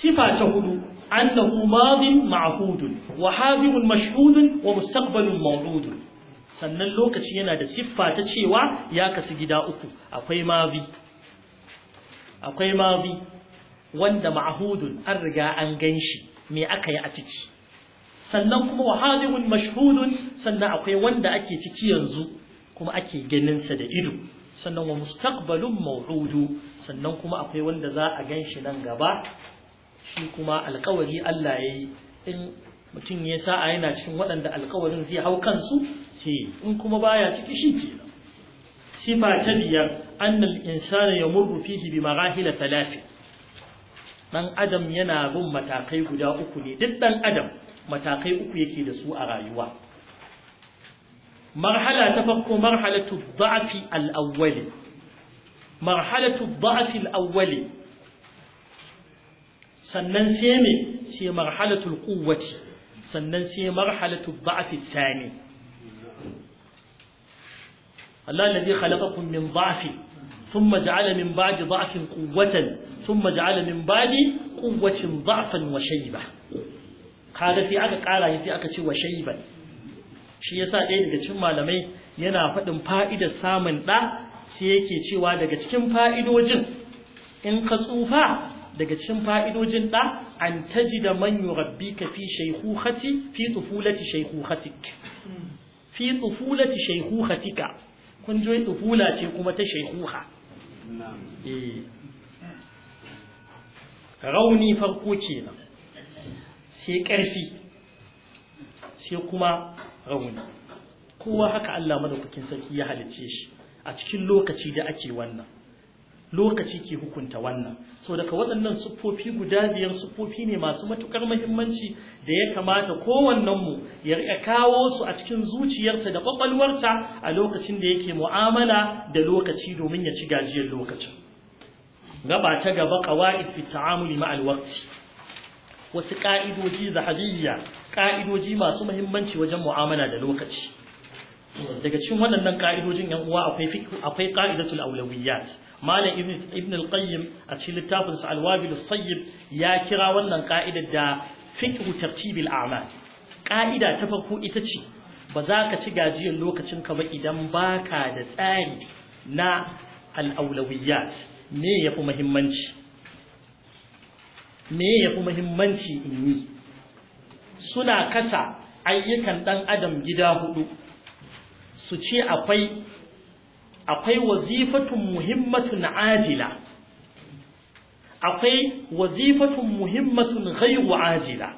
sifa ta hudu annahu madin ma'hudun wa hadimun mashhudun wa mustaqbalun maw'udun sannan lokaci yana da siffa ta cewa ya kasu gida uku akwai mavi akwai mavi wanda ma'ahudun an riga an gan shi me aka yi a ciki sannan kuma wahadirun mashhudun sannan akwai wanda ake ciki yanzu kuma ake ganinsa da ido sannan wa mustaqbalun maw'udu sannan kuma akwai wanda za a gan shi nan gaba shi kuma alƙawari Allah ya yi in mutum ya sa'a yana cikin waɗanda alƙawarin zai hau kansu ciki in kuma baya ciki shi ke sifa ta biyar annal insana ya murru fihi bi marahila talafi dan adam yana bin matakai guda uku ne duk dan adam matakai uku yake da su a rayuwa marhala ta farko marhalatu dha'fi al-awwali marhalatu dha'fi al-awwali sannan sai me sai marhalatul quwwati sannan sai marhalatu dha'fi al-thani Allah zai khalaqakum min zafi sun ja'ala min ba'di zafin quwwatan sun ja'ala min ba'di quwwatin zafin wa shayba kaga sai aka kara sai aka ce wa shayban shi sa ɗaya daga cikin malamai yana faɗin fa'idar samun ɗa sai yake cewa daga cikin fa'idojin in ka tsufa daga cikin fa'idojin ɗa an ta ji da man rabbi ka fi shaihu shaikuhati fi tsufulati shaikuhatik fi tsufulati shaikuhatika kun ji ce kuma ta shaikuha eh rauni farko kenan sai ƙarfi sai kuma rauni kowa haka Allah madaukakin sarki ya halicce shi a cikin lokaci da ake wannan lokaci ke hukunta wannan so daga waɗannan siffofi guda biyar siffofi ne masu matuƙar muhimmanci da ya kamata mu ya riƙa kawo su a cikin zuciyarsa da ƙwaƙwalwarta a lokacin da yake mu'amala da lokaci domin ya ci gajiyar lokacin gaba ta gaba qawaid fi ta'amuli ma'al waqti wasu ka'idoji zahabiyya ka'idoji masu muhimmanci wajen mu'amala da lokaci daga cikin waɗannan ƙa'idojin yan uwa akwai fiqh akwai qa'idatul awlawiyyat malam ibn ibn al-qayyim a cikin littafin sa al-wabil sayyib ya kira wannan ka'idar da fiqh tartibil a'mal Ƙa'ida ta farko ita ce ba za ka ci gajiyar lokacin ka ba idan baka da tsari na al-awlawiyyat me yafi muhimmanci me yafi muhimmanci in yi suna kasa ayyukan dan adam gida hudu su ce akwai akwai wazifatun muhimmatun ajila akwai wazifatun muhimmatun ghairu ajila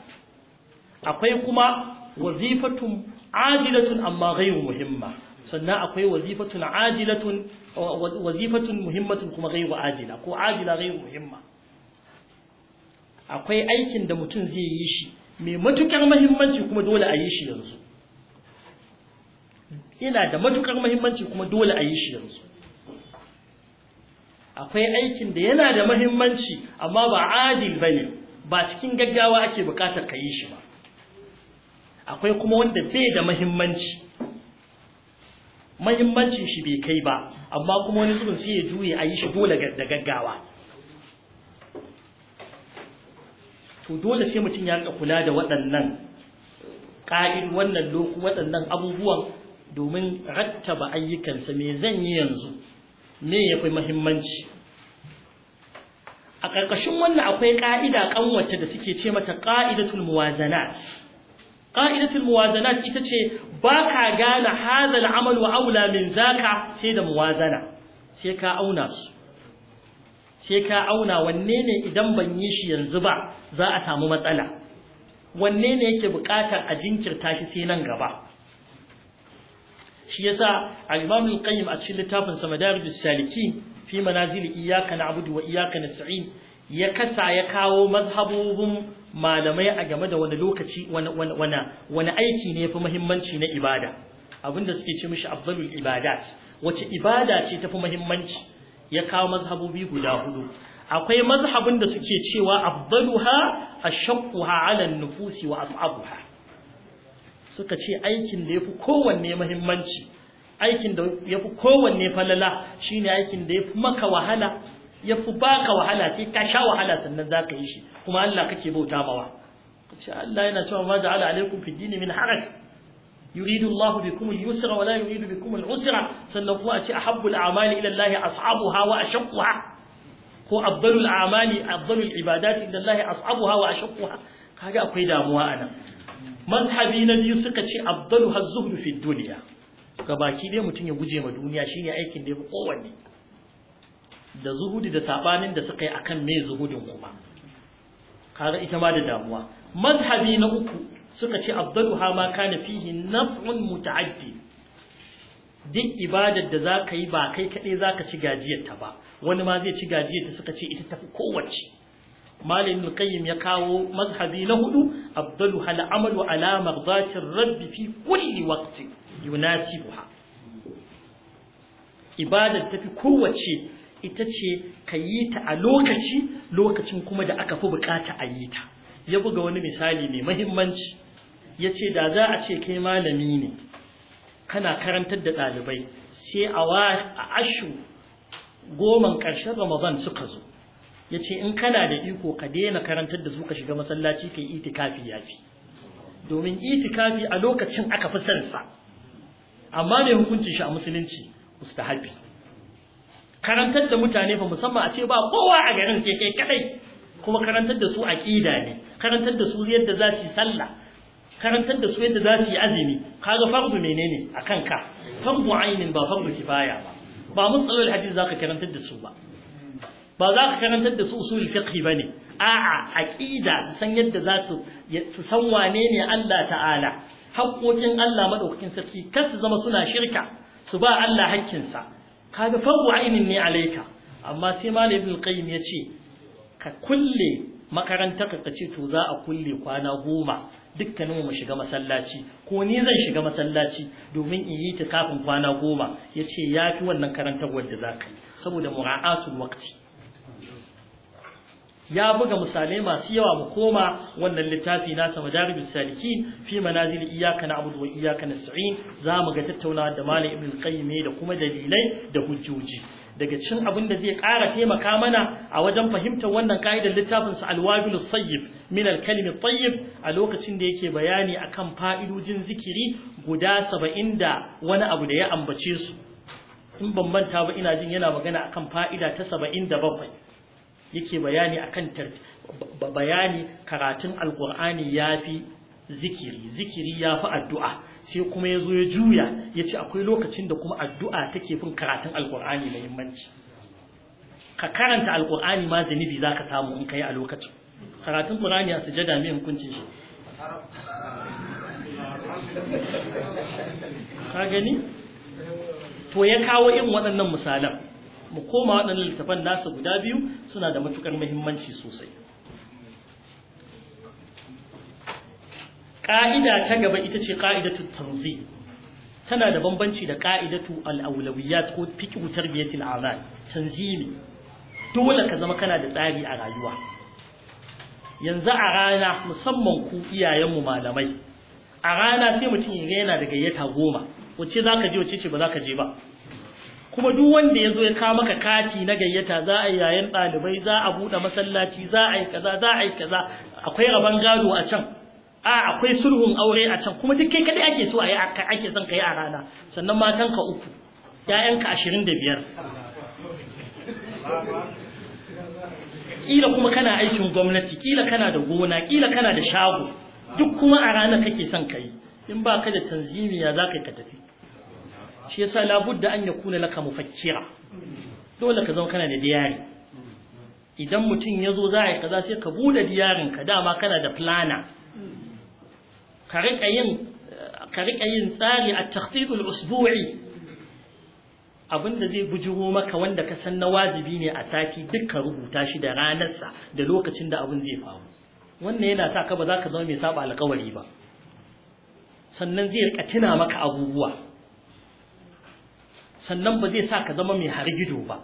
akwai kuma wazifatun ajilatun amma ghairu muhimma sannan akwai wazifatun ajilatun wazifatun muhimmatun kuma ghairu ajila ko ajila ghairu muhimma akwai aikin da mutum zai yi shi mai matukar muhimmanci kuma dole a yi shi yanzu yana da matukar muhimmanci kuma dole a yi shi yanzu akwai aikin da yana da muhimmanci amma ba adil bane ba cikin gaggawa ake bukatar ka yi shi ba akwai kuma wanda bai da muhimmanci muhimmancin shi bai kai ba amma kuma wani zubin sai ya juye a yi shi dole da gaggawa to dole sai mutum ya rika kula da waɗannan ƙa'in wannan loku waɗannan abubuwan domin rattaba ayyukansa me zan yi yanzu me ya fi muhimmanci a ƙarƙashin wannan akwai ƙa'ida ƙanwata da suke ce mata ƙa'idatul muwazanat ƙa'idatul muwazanat ita ce ba ka gane hazal amal wa aula min zaka sai da muwazana sai ka auna su sai ka auna wanne ne idan ban yi shi yanzu ba za a samu matsala wanne ne yake buƙatar a jinkirta shi sai nan gaba shi yasa al-Imam qayyim a cikin littafin sa Madarijus Salikin fi manazil iyyaka na'budu wa iyyaka nasta'in ya kasa ya kawo mazhabobin malamai a game da wani lokaci wani aiki ne fi muhimmanci na ibada abinda suke ce mishi afdalul ibadat wace ibada ce tafi muhimmanci ya kawo mazhabobi guda hudu akwai mazhabin da suke cewa afdaluha ashaqquha ala nufusi wa as'abuha suka ce aikin da ya fi kowanne mahimmanci aikin da ya fi kowanne falala shine aikin da ya fi maka wahala ya fi baka wahala sai ka sha wahala sannan za ka yi shi kuma Allah kake bauta mawa ce Allah yana cewa ma ja'ala alaikum fi dini min haraj yuridu Allah bikum al-yusra wa la yuridu bikum al-usra sannan kuma a ce ahabbul a'mali ila Allah ashabuha wa ashaqquha ko afdalul a'mali afdalul ibadati ila Allah ashabuha wa ashaqquha kaga akwai damuwa anan mazhabi na biyu suka ce abdalu hazzuhdu fi duniya ga baki dai mutum ya guje ma duniya shine aikin da ya fi kowanne da zuhudi da sabanin da suka yi akan me zuhudin kuma kaga ita ma da damuwa mazhabi na uku suka ce abdalu ha ma kana fihi naf'un muta'addi duk ibadar da zaka yi ba kai kadai zaka ci gajiyar ta ba wani ma zai ci gajiyar ta suka ce ita ta fi kowace malamin qayyim ya kawo mazhabi na hudu afdalu hal amalu ala mardatir rabb fi kulli waqti yunasibuha ibadar tafi kowace ita ce ka yi ta a lokaci lokacin kuma da aka fi bukata a yi ta ya buga wani misali mai mahimmanci ya ce da za a ce kai malami ne kana karantar da ɗalibai sai a ashu goman ƙarshen ramadan suka zo ya ce in kana da iko ka daina karantar da su ka shiga masallaci ka yi itikafi ya fi domin itikafi a lokacin aka fi sansa amma mai hukuncin shi a musulunci mustahabi karantar da mutane fa musamman a ce ba kowa a garin sai kai kadai kuma karantar da su aqida ne karantar da su yadda za su yi sallah karantar da su yadda za su yi azumi kaga fardu menene akan ka farzu ainin ba farzu kifaya ba ba hadiza hadith zaka karantar da su ba ba za ka karantar da su usul ba bane a'a aqida su san yadda za su su san wane ne Allah ta'ala haƙoƙin Allah madaukakin sarki kar su zama suna shirka su ba Allah hakkinsa kaga farwa ainin ne alaika amma sai malam ibn qayyim ya ce ka kulle makarantar ka ce to za a kulle kwana goma dukkanin mu shiga masallaci ko ni zan shiga masallaci domin in yi ta kafin kwana goma ya ce ya fi wannan karantar wadda za ka yi saboda mura'atul waqti ya buga misalai masu yawa mu koma wannan littafi nasa madaribus saliki, fi manazil iyyaka na'budu wa iyyaka nasta'in zamu ga tattaunawa da malam ibn qayyim da kuma dalilai da hujjoji daga cikin abin da zai ƙara taimaka mana a wajen fahimtar wannan ka'idar littafin sa alwabilus sayyib min alkalimi tayyib a lokacin da yake bayani akan fa'idojin zikiri guda 70 da wani abu da ya ambace su in ban manta ba ina jin yana magana akan fa'ida ta 77 yake bayani akan bayani karatun alkur'ani ya fi zikiri zikiri ya fi addu'a sai kuma yazo ya juya ya ce akwai lokacin da kuma addu'a take fin karatun alkur'ani muhimmanci ka karanta alkur'ani ma zanibi zaka samu in ka yi a lokacin karatun qur'ani a sujada mai hukunci. shi ka gani to ya kawo irin waɗannan misalan mu koma waɗannan littafan nasu guda biyu suna da matukar muhimmanci sosai ƙa'ida ta gaba ita ce ƙa'idatu tanzi tana da bambanci da ƙa'idatu al'aulawiyat ko fiqhu tarbiyatil a'mal ne. dole ka zama kana da tsari a rayuwa yanzu a rana musamman ku iyayenmu malamai a rana sai mutum yana da gayyata goma wacce za ka je wacce ce ba za ka je ba kuma duk wanda ya zo ya kawo maka kati na gayyata za a yi yayin ɗalibai za a buɗe masallaci za a yi kaza za a yi kaza akwai rabon gado a can a akwai sulhun aure a can kuma duk kai kaɗai ake so a yi ake son ka yi a rana sannan matanka uku ‘ya'yanka ashirin da biyar ƙila kuma kana aikin gwamnati kila kana da gona kila kana da shago duk kuma a rana kake son ka in ba ka da tanzimiya za ka yi ka tafi shi yasa labudda an yakuna laka mufakkira dole ka zama kana da diyari idan mutum ya zo za a yi kaza sai ka bude diyarin ka dama kana da plana ka rika yin tsari a takhtitul usbu'i abinda zai bujiro maka wanda ka san na wajibi ne a sati dukkan rubuta shi da ranarsa da lokacin da abin zai faru wannan yana sa ka ba za ka zama mai saba alkawari ba sannan zai rika tuna maka abubuwa sannan ba zai sa ka zama mai harigido ba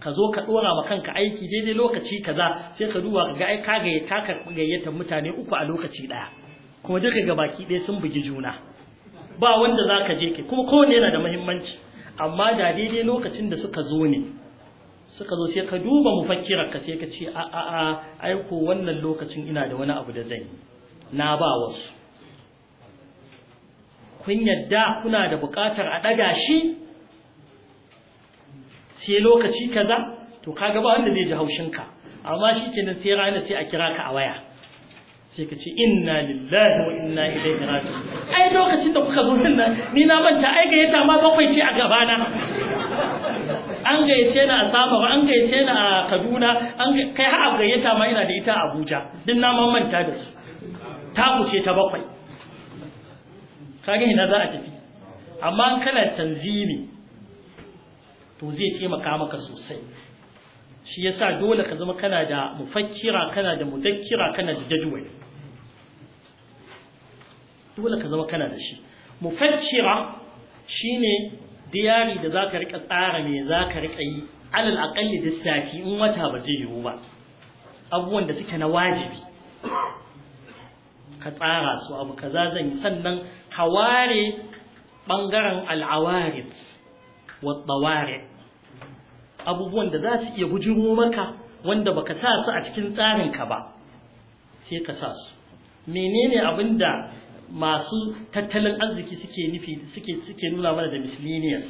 ka zo ka dora wa kanka aiki daidai lokaci kaza sai ka duba ka ga ai ka ga ka gayyata mutane uku a lokaci daya kuma duka ga baki ɗaya sun bugi juna ba wanda za ka je ke kuma kowane yana da muhimmanci amma da daidai lokacin da suka zo ne suka zo sai ka duba mufakkirar ka sai ka ce a a a aiko wannan lokacin ina da wani abu da zan yi na ba wasu kun yadda kuna da bukatar a ɗaga shi sai lokaci kaza to kaga ba wanda zai ji haushin ka amma shikenan sai rana sai a kira ka a waya sai ka ce inna lillahi wa inna ilaihi raji'un ai lokacin da kuka zo nan ni na manta ai gayyata ma bakwai ce a gaba na an gayyace ni a ba an gayyace ni a Kaduna an kai har gayyata ma ina da ita a Abuja din na ma manta da su ta kuce ta bakwai kage ina za a tafi amma kana tanzimi to zai taimaka maka sosai shi yasa dole ka zama kana da mufakkira kana da mudakkira kana da jadwal dole ka zama kana da shi mufakkira shine diyari da zaka rika tsara me zaka rika yi alal aqalli da sati in wata ba zai yiwu ba abubuwan da suke na wajibi ka tsara su abu kaza zan yi sannan ka ware bangaren والطوارئ abubuwan da za su iya bujiro maka wanda baka sa su a cikin tsarinka ba sai ka sa su menene abin da masu tattalin arziki suke nufi suke suke nuna mana da miscellaneous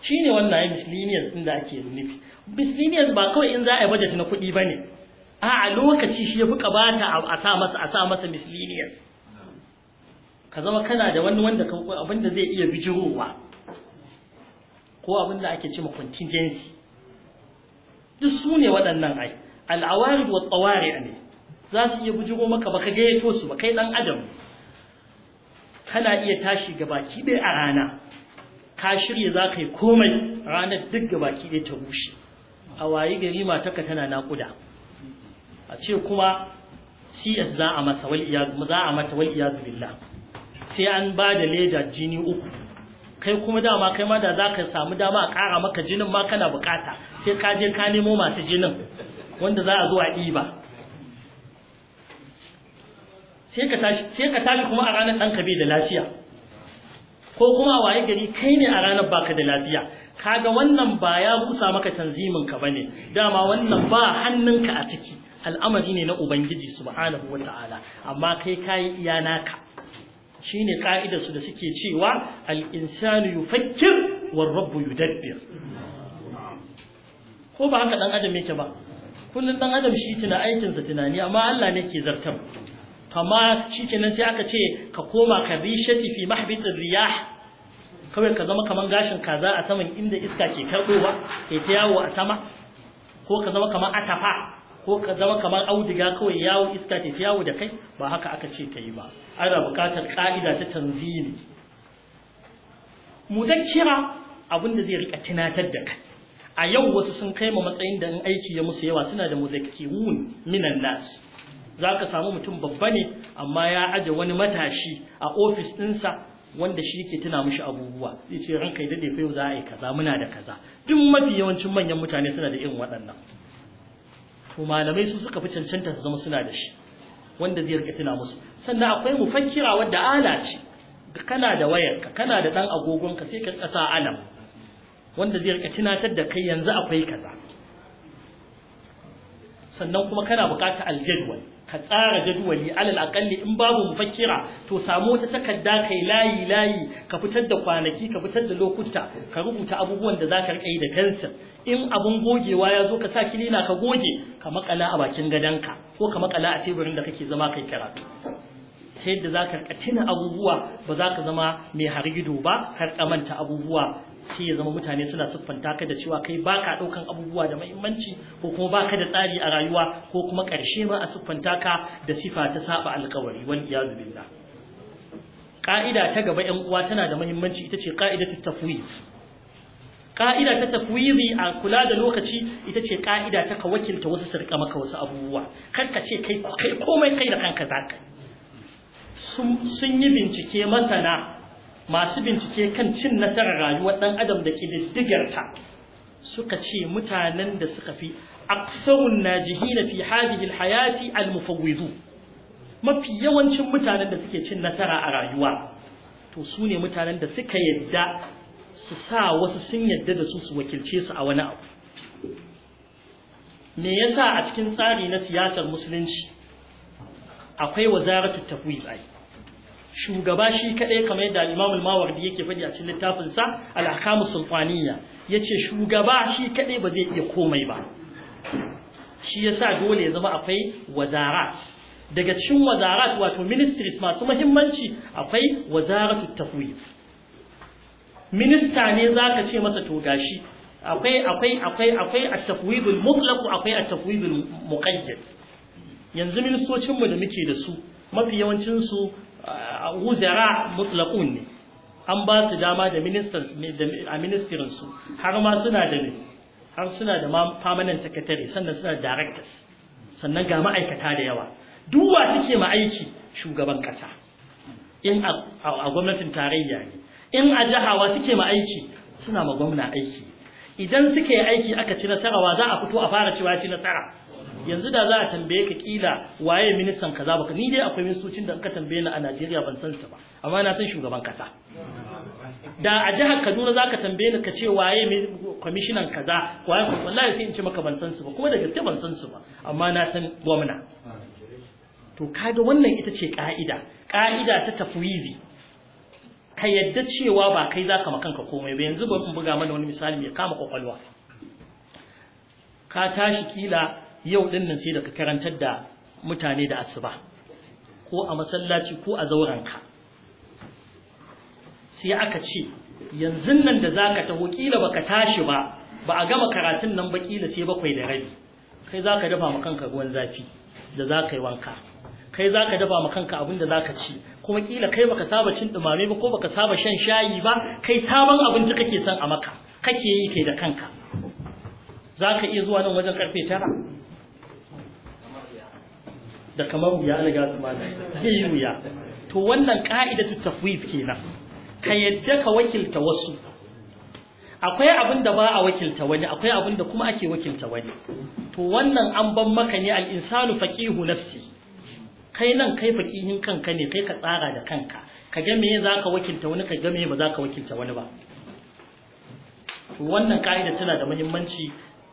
shine wannan ai miscellaneous din da ake nufi miscellaneous ba kawai in za a yi budget na kuɗi bane a a lokaci shi yafi kabata a sa masa a sa masa miscellaneous ka zama kana da wani wanda abin da zai iya bijirowa ko abin da ake cewa contingency duk su ne waɗannan ai al'awarid wa tsawari ne za su iya bujiro maka baka gayyato su ba kai dan adam kana iya tashi ga baki ɗaya a rana ka shirya za ka komai ranar duk gabaki ɗaya ta rushe a wayi gari mataka tana naƙuda a ce kuma cs za a mata wal billah sai an ba da leda jini uku kai kuma dama kai ma da za ka samu dama a ƙara maka jinin ma kana bukata sai ka je ka nemo masu jinin wanda za a zo a ɗiba sai ka tashi kuma a ranar ɗanka bai da lafiya ko kuma waye gari kai ne a ranar baka da lafiya Ka ga wannan ba ya kusa maka tanzimin ka bane dama wannan ba hannunka a ciki al'amari ne na ubangiji subhanahu wataala amma kai kayi iya naka shine ka'idar su da suke cewa al-insanu warrabbuyu dabbir. ko ba haka ɗan adam yake ba kullun ɗan adam shi tuna aikinsa tunani amma Allah ne ke zartar kama shikenan sai aka ce ka koma ka bishati fi mahbit riyah kawai ka zama kaman gashin kaza a saman inda iska ke karbowa ke ta yawo a sama ko ka zama kaman atafa ko ka zama kamar audiga kawai yawo iska tafi yawo da kai ba haka aka ce ta yi ba ana buƙatar ƙa'ida ta tanzili mudakkira abin da zai rika tunatar da kai a yau wasu sun kai ma matsayin da in aiki ya musu yawa suna da mudakkirun minan nas za ka samu mutum babba ne amma ya aje wani matashi a ofis ɗinsa wanda shi ke tuna mishi abubuwa zai ce ranka ya dade fa yau za a yi kaza muna da kaza duk mafi yawancin manyan mutane suna da irin waɗannan to malamai su suka fi cancanta su zama suna da shi wanda zai rika tuna musu sannan akwai mufakkira wadda ala ce kana da wayarka kana da dan agogonka sai ka kasa alam wanda zai rika tunatar da kai yanzu akwai kaza sannan kuma kana bukata aljadwal ka tsara jadwali alal aqalli in babu mufakkira to samu wata takarda kai layi layi ka fitar da kwanaki ka fitar da lokuta ka rubuta abubuwan da zaka rike da kansa in abun gogewa ya zo ka sa kilina ka goge ka makala a bakin gadanka ko ka makala a teburin da kake zama kai karatu sai da zaka rika tuna abubuwa ba za ka zama mai hargido ba har manta abubuwa sai ya zama mutane suna siffanta ka da cewa kai baka daukan abubuwa da muhimmanci ko kuma baka da tsari a rayuwa ko kuma karshe ma a siffanta ka da sifa ta saba alkawari wal iyadu billah ka'ida ta gaba yan uwa tana da muhimmanci ita ce ta tafwid ka'ida ta tafwidi a kula da lokaci ita ce ka'ida ta ka wakilta wasu su maka wasu abubuwa kar ka ce kai komai kai da kanka zaka sun yi bincike masana masu bincike kan cin nasarar rayuwar ɗan adam da ƙididdigarta suka ce mutanen da suka fi aksarun najihina fi hadhihi alhayati almufawwidu mafi yawancin mutanen da suke cin nasara a rayuwa to su ne mutanen da suka yadda su sa wasu sun yadda da su su wakilce su a wani abu me yasa a cikin tsari na siyasar musulunci akwai wazaratu tafwiz ai shugaba shi kadai kamar yadda al-Imam al-Mawardi yake faɗi a cikin littafin sa al ahkamus sulfaniya yace shugaba shi kadai ba zai iya komai ba shi yasa dole ya zama akwai wazarat daga cikin wazarat wato ministries masu muhimmanci akwai wazaratu tafwid minista ne zaka ce masa to gashi akwai akwai akwai akwai at-tafwid al-mutlaq akwai at-tafwid al-muqayyad yanzu mu da muke da su mafi yawancinsu wuzara mutlaƙun ne an ba su dama da a su har ma suna da har suna da permanent secretary sannan suna da directors sannan ga ma'aikata da yawa duwa suke ma aiki shugaban ƙasa? in a gwamnatin tarayya ne in a jihawa suke ma aiki suna ma gwamna aiki idan suke aiki aka ci nasarawa za a fito a fara cewa ci nasara yanzu da za a tambaye ka kila waye ministan kaza baka ni dai akwai ministocin da aka tambaye ni a Najeriya ban san su ba amma na san shugaban kasa da a jihar Kaduna za ka tambaye ni ka ce waye commissioner kaza waye wallahi sai in ce maka ban san su ba kuma da gaske ban san su ba amma na san gwamna to kaga wannan ita ce ka'ida ka'ida ta tafwizi ka yadda cewa ba kai za ka kanka komai ba yanzu ba buga mana wani misali mai kama kwakwalwa ka tashi kila yau din nan sai da ka karantar da mutane da asuba ko a masallaci ko a zauranka sai aka ce yanzu nan da zaka taho kila baka tashi ba ba a gama karatun nan ba kila sai bakwai da rabi kai zaka dafa ma kanka ruwan zafi da zaka yi wanka kai zaka dafa ma kanka abin da zaka ci kuma kila kai baka saba cin dumame ba ko baka saba shan shayi ba kai sabon abinci kake son a maka kake yi kai da kanka zaka iya zuwa nan wajen karfe tara da kamar wuya alaga su mana zai yi wuya to wannan ka'ida ta tafwid kenan ka yadda ka wakilta wasu akwai abin da ba a wakilta wani akwai abin da kuma ake wakilta wani to wannan an ban maka ne al-insanu faqihu nafsi kai nan kai faqihin kanka ne kai ka tsara da kanka ka ga me zaka wakilta wani ka ga me ba zaka wakilta wani ba to wannan ka'ida tana da muhimmanci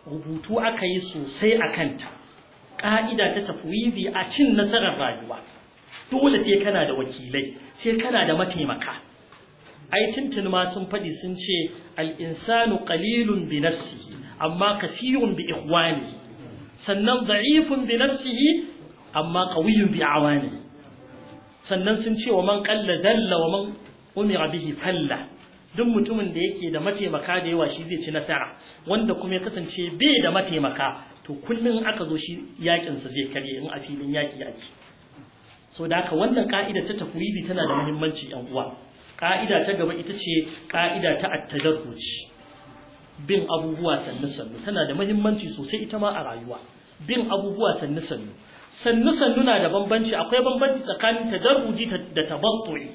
rubutu aka yi sosai a kanta ƙa'ida ta tafwizi a cin nasarar rayuwa dole sai kana da wakilai sai kana da mataimaka ai tuntun ma sun faɗi sun ce al-insanu qalilun bi nafsihi amma kasirun bi ikhwani sannan da'ifun bi nafsihi amma qawiyyun bi awani sannan sun ce wa man qalla dalla wa man umira bihi falla duk mutumin da yake da mataimaka da yawa shi zai ci nasara wanda kuma ya kasance bai da mataimaka to kullum aka zo shi yakin sa zai karye in a filin yaki yaki so da haka wannan ka'ida ta takwibi tana da muhimmanci yan uwa ka'ida ta gaba ita ce ka'ida ta at-tadarruj bin abubuwa sannu sannu tana da muhimmanci sosai ita ma a rayuwa bin abubuwa sannu sannu sannu sannu na da bambanci akwai bambanci tsakanin tadarruji da tabattu'i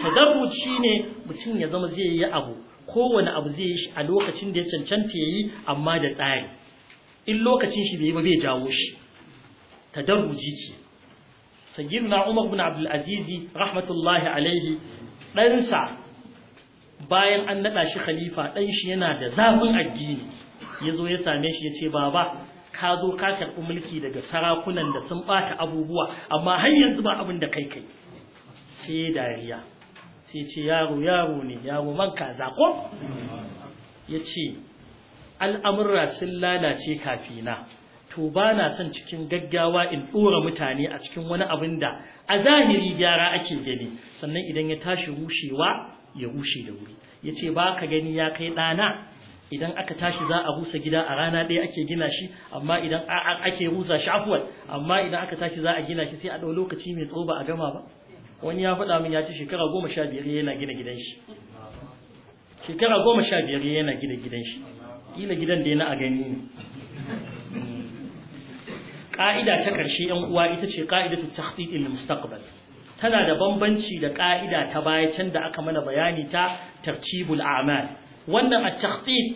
tadarruj shine mutum ya zama zai yi abu kowane abu zai yi a lokacin da ya cancanta yayi amma da tsari in lokacin shi bai ba bai jawo shi tadarruji ce sayyidina Umar ibn Abdul Aziz rahmatullahi alaihi ɗansa bayan an naɗa shi khalifa ɗan shi yana da zafin addini yazo ya same shi yace baba ka zo ka karɓi mulki daga sarakunan da sun ɓata abubuwa amma har yanzu ba abin da kai kai sai dariya sai ce yaro yaro ne yaro man kaza ko ya ce al'amurra sun lalace kafina to ba na son cikin gaggawa in ɗora mutane a cikin wani abin da a zahiri gyara ake gani sannan idan ya tashi rushewa ya rushe da wuri ya ce ba ka gani ya kai ɗana idan aka tashi za a rusa gida a rana ɗaya ake gina shi amma idan ake rusa shi afuwar amma idan aka tashi za a gina shi sai a ɗau lokaci mai ba a gama ba wani ya faɗa min ya ce shekara goma sha biyar yana gina gidan shi shekara goma sha biyar yana gina gidan shi kila gidan da yana a gani ƙa'ida ta ƙarshe ‘yan uwa ita ce ƙa'idatu tahdidil mustaqbal tana da bambanci da ƙa'ida ta baya can da aka mana bayani ta tartibul a'mal wannan a tahdid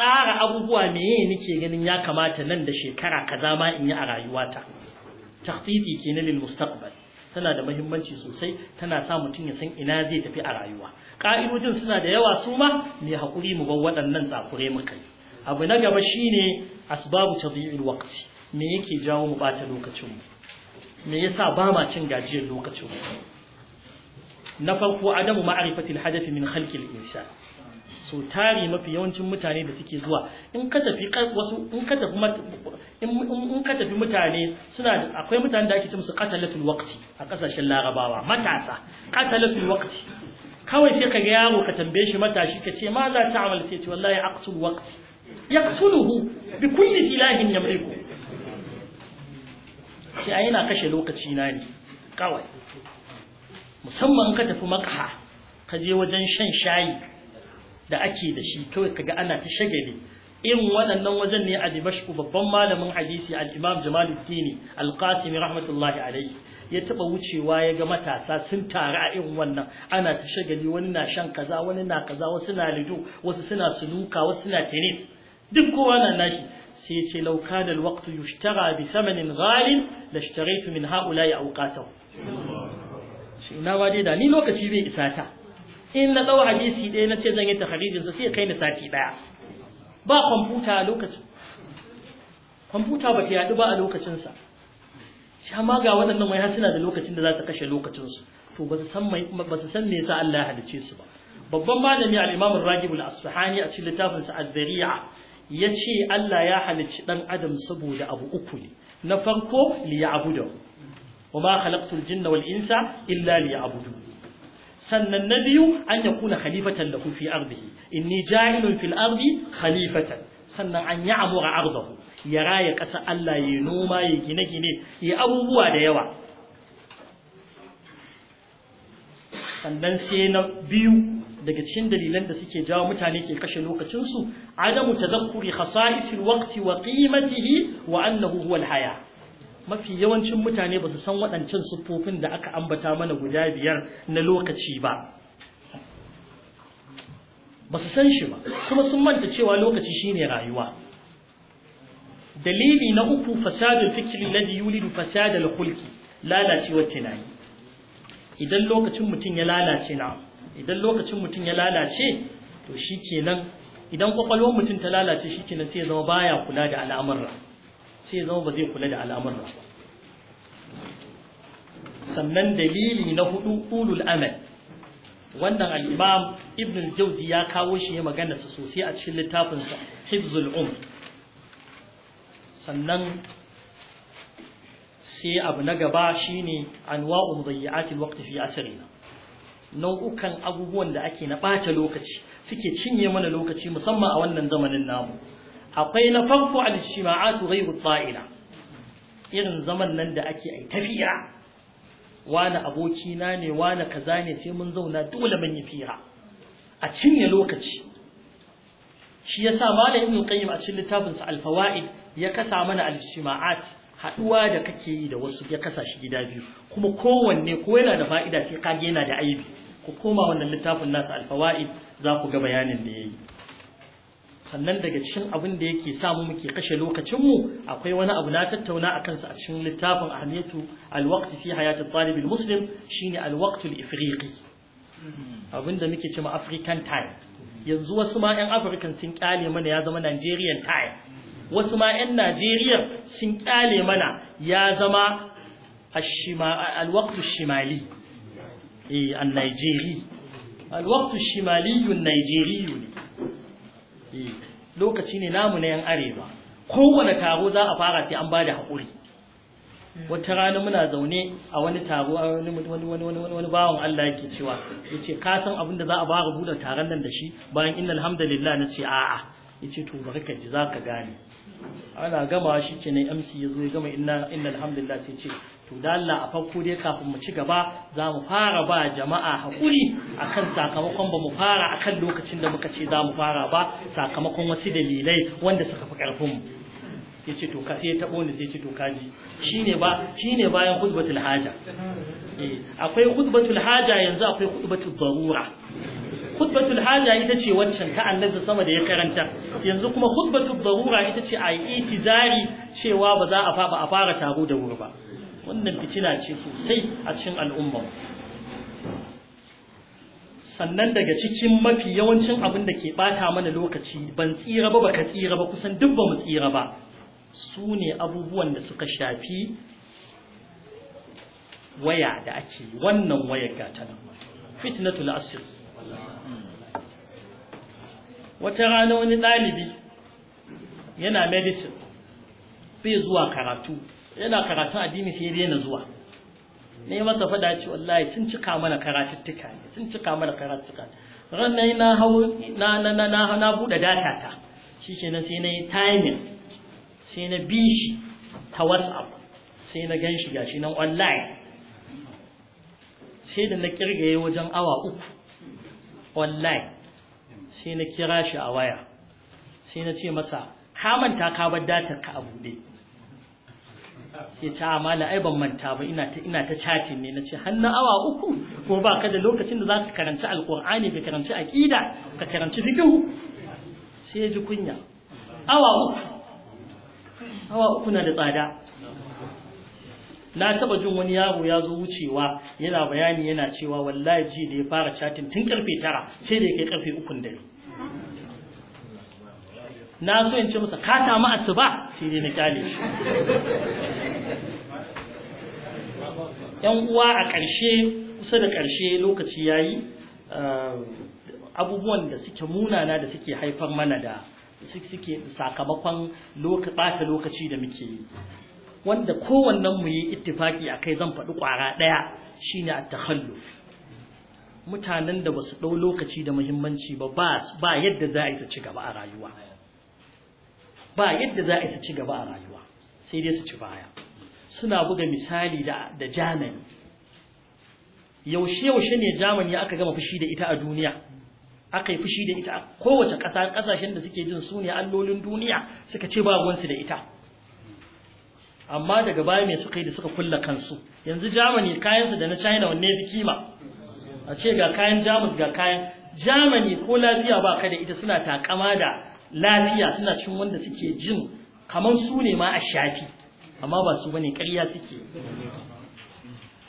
tsara abubuwa meye nake ganin ya kamata nan da shekara kaza ma in yi a rayuwata tahdidi kenan lil mustaqbal tana da muhimmanci sosai tana sa mutum ya san ina zai tafi a rayuwa ƙa'idojin suna da yawa su ma mai haƙuri mu bar waɗannan tsakure mu kai abu na gaba shine asbabu tadhi'il waqti me yake jawo mu bata lokacin mu me yasa ba ma cin gajiyar lokacin mu na farko adamu ma'rifatil hadafi min khalqil insan so tari mafi yawancin mutane da suke zuwa in ka tafi wasu in ka tafi in ka tafi mutane suna akwai mutane da ake ce musu qatalatul waqti a kasashen larabawa matasa qatalatul waqti kawai sai ka ga yaro ka tambaye shi matashi ka ce ma za ta amal sai ce wallahi aqsul waqti yaqsuluhu bi kulli ilahin yamliku sai ai na kashe lokaci na ne kawai musamman ka tafi makka ka je wajen shan shayi da ake da shi kawai kaga ana ta shagali in waɗannan wajen ne a Dimashku babban malamin hadisi al-Imam Jamaluddin al-Qasimi rahmatullahi alayhi ya taba wucewa ya ga matasa sun taru a irin wannan ana ta shagali wani na shan kaza wani na kaza wasu na lido wasu suna suluka wasu suna tenis duk kowa na nashi sai ya ce law kana al-waqt yushtara bi ha'ulaya ghalin lashtaraytu min shi na wade da ni lokaci bai isa ta in na ɗau hadisi ɗaya na ce zan yi tahrijin sai kai ni sati ɗaya ba kwamfuta a lokacin kwamfuta ba ta yaɗu ba a lokacinsa Sha amma ga waɗannan wai suna da lokacin da za su kashe lokacinsu to ba su san me yasa Allah ya halice su ba babban malami al-Imam Ar-Ragib al-Asfahani a cikin littafin sa Az-Zari'a yace Allah ya halicci dan Adam saboda abu uku ne na farko liya ya'budu wa ma khalaqtul jinna wal insa illa liya ya'budu sannan na biyu an ya kuna khalifatan lahu fi ardihi inni ja'ilun fil ardi khalifatan sannan an yi amura ardahu ya raya ƙasa Allah ya noma ya gine-gine ya abubuwa da yawa sannan sai na biyu daga cikin dalilan da suke jawo mutane ke kashe lokacinsu adamu tazakkuri khasa'isil waqti wa qimatihi wa annahu huwa al-haya mafi yawancin mutane ba su san waɗancan siffofin da aka ambata mana guda biyar na lokaci ba ba su san shi ba kuma sun manta cewa lokaci shine rayuwa dalili na uku fasadul fikri alladhi yulidu fasadul khulqi lalacewar tunani idan lokacin mutum ya lalace na idan lokacin mutum ya lalace to shikenan idan kwakwalwar mutum ta lalace shikenan sai ya zama baya kula da al'amuran sai zama ba zai kula da al'amuran sannan dalili na hudu ulul amal wannan al-imam ibn al-jawzi ya kawo shi ya magana sa sosai a cikin littafin sa hifzul sannan sai abu na gaba shine anwa'u mudayyi'atil waqti fi asrina nau'ukan abubuwan da ake na ɓata lokaci suke cinye mana lokaci musamman a wannan zamanin namu akwai na farko al-shima'atu ghayru ta'ila irin zaman nan da ake ai tafiya wani aboki na ne wani kaza ne sai mun zauna dole mun yi fira a cinye lokaci shi yasa malam ibn qayyim a cikin littafin sa al-fawaid ya kasa mana al-shima'at haduwa da kake yi da wasu ya kasa shi gida biyu kuma kowanne ko yana da fa'ida sai kage yana da aibi ku koma wannan littafin nasa al-fawaid za ku ga bayanin da yayi sannan daga cikin abin da yake samu muke kashe lokacinmu akwai wani abu na tattauna a kansa a cikin littafin ahmiyatu alwaqti fi hayati talibin muslim shine alwaktul al-ifriqi abin da muke cewa african time yanzu wasu ma yan african sun kyale mana ya zama nigerian time wasu ma yan nigeria sun kyale mana ya zama alwaqtu shimali eh an-nigeri alwaqtu shimali an-nigeri lokaci ne namu na yan arewa kowane taro za a fara sai an ba da haƙuri wata rana muna zaune a wani taro a wani wani wani wani wani bawan Allah yake cewa yace ka san abin da za a fara buɗe taron nan da shi bayan innal alhamdulillah na ce a'a yace to bari ka ji zaka gane ana gama shi ke ne amsi ya zo ya gama inna innal alhamdulillah sai ce to da Allah a farko dai kafin mu ci gaba za mu fara ba jama'a hakuri akan sakamakon ba mu fara akan lokacin da muka ce za mu fara ba sakamakon wasu dalilai wanda suka fi karfin mu sai ce to ka sai ya sai ce to ji shine ba shine bayan khutbatul haja eh akwai khutbatul haja yanzu akwai khutbatul darura khutbatul haja ita ce waccan ta annabi sama da ya karanta yanzu kuma khutbatul darura ita ce ai itizari cewa ba za a fa ba a fara taro da wuri ba wannan fitina ce sosai a cikin al'umma sannan daga cikin mafi yawancin abin da ke bata mana lokaci ban tsira ba baka tsira ba kusan duk ba mu tsira ba su ne abubuwan da suka shafi waya da ake wannan wayar gata nan fitnatul asr wata rana wani ɗalibi yana medicine bai zuwa karatu yana karatun addini sai daina zuwa ne masa fada ce wallahi sun cika mana karatuttuka ne sun cika mana karatuttuka ranar na hau na na na na na buɗe data ta shikenan sai na yi timing sai na bi shi ta whatsapp sai na gan shi gashi nan online sai da na kirgaye wajen awa uku online sai na kira shi a waya sai na ce masa ka manta ka bar datar ka a buɗe sai ta amala ah, ai ban manta ba ina ta ina ne nace ce. Hannun awa uku ko ba ka da lokacin da zaka karanci alqur'ani ka karanci aqida ka karanci fiqh sai ji kunya awa uku awa uku na da tsada na taba jin wani yaro ya zo wucewa yana bayani yana cewa wallahi ji da ya fara chatin tun karfe tara sai da ya kai karfe ukun dare na so in ce masa ka samu asuba sai dai na kyale shi yan uwa a ƙarshe kusa da ƙarshe lokaci ya yi eh, abubuwan da suke munana da suke haifar mana da suke sakamakon ɓata lokaci da muke yi wanda kowannen mu yi ittifaki a kai zan faɗi ƙwara ɗaya shine a takhalluf mutanen da ba su ɗau lokaci da muhimmanci ba ba yadda za a yi ta ci gaba a rayuwa ba yadda za a su ci gaba a rayuwa sai dai su ci baya suna buga misali da jamani yaushe yaushe ne jamani aka gama fushi da ita a duniya aka yi fushi da ita kowace ƙasa ƙasashen da suke jin su ne allolin duniya suka ce ba ruwansu da ita amma daga baya mai suka yi da suka kulla kansu yanzu jamani kayansu da na china wanne fi kima a ce ga kayan jamus ga kayan jamani ko lafiya ba ka da ita suna takama da lafiya suna cin wanda suke jin kamar su ne ma a shafi amma ba su bane ƙarya suke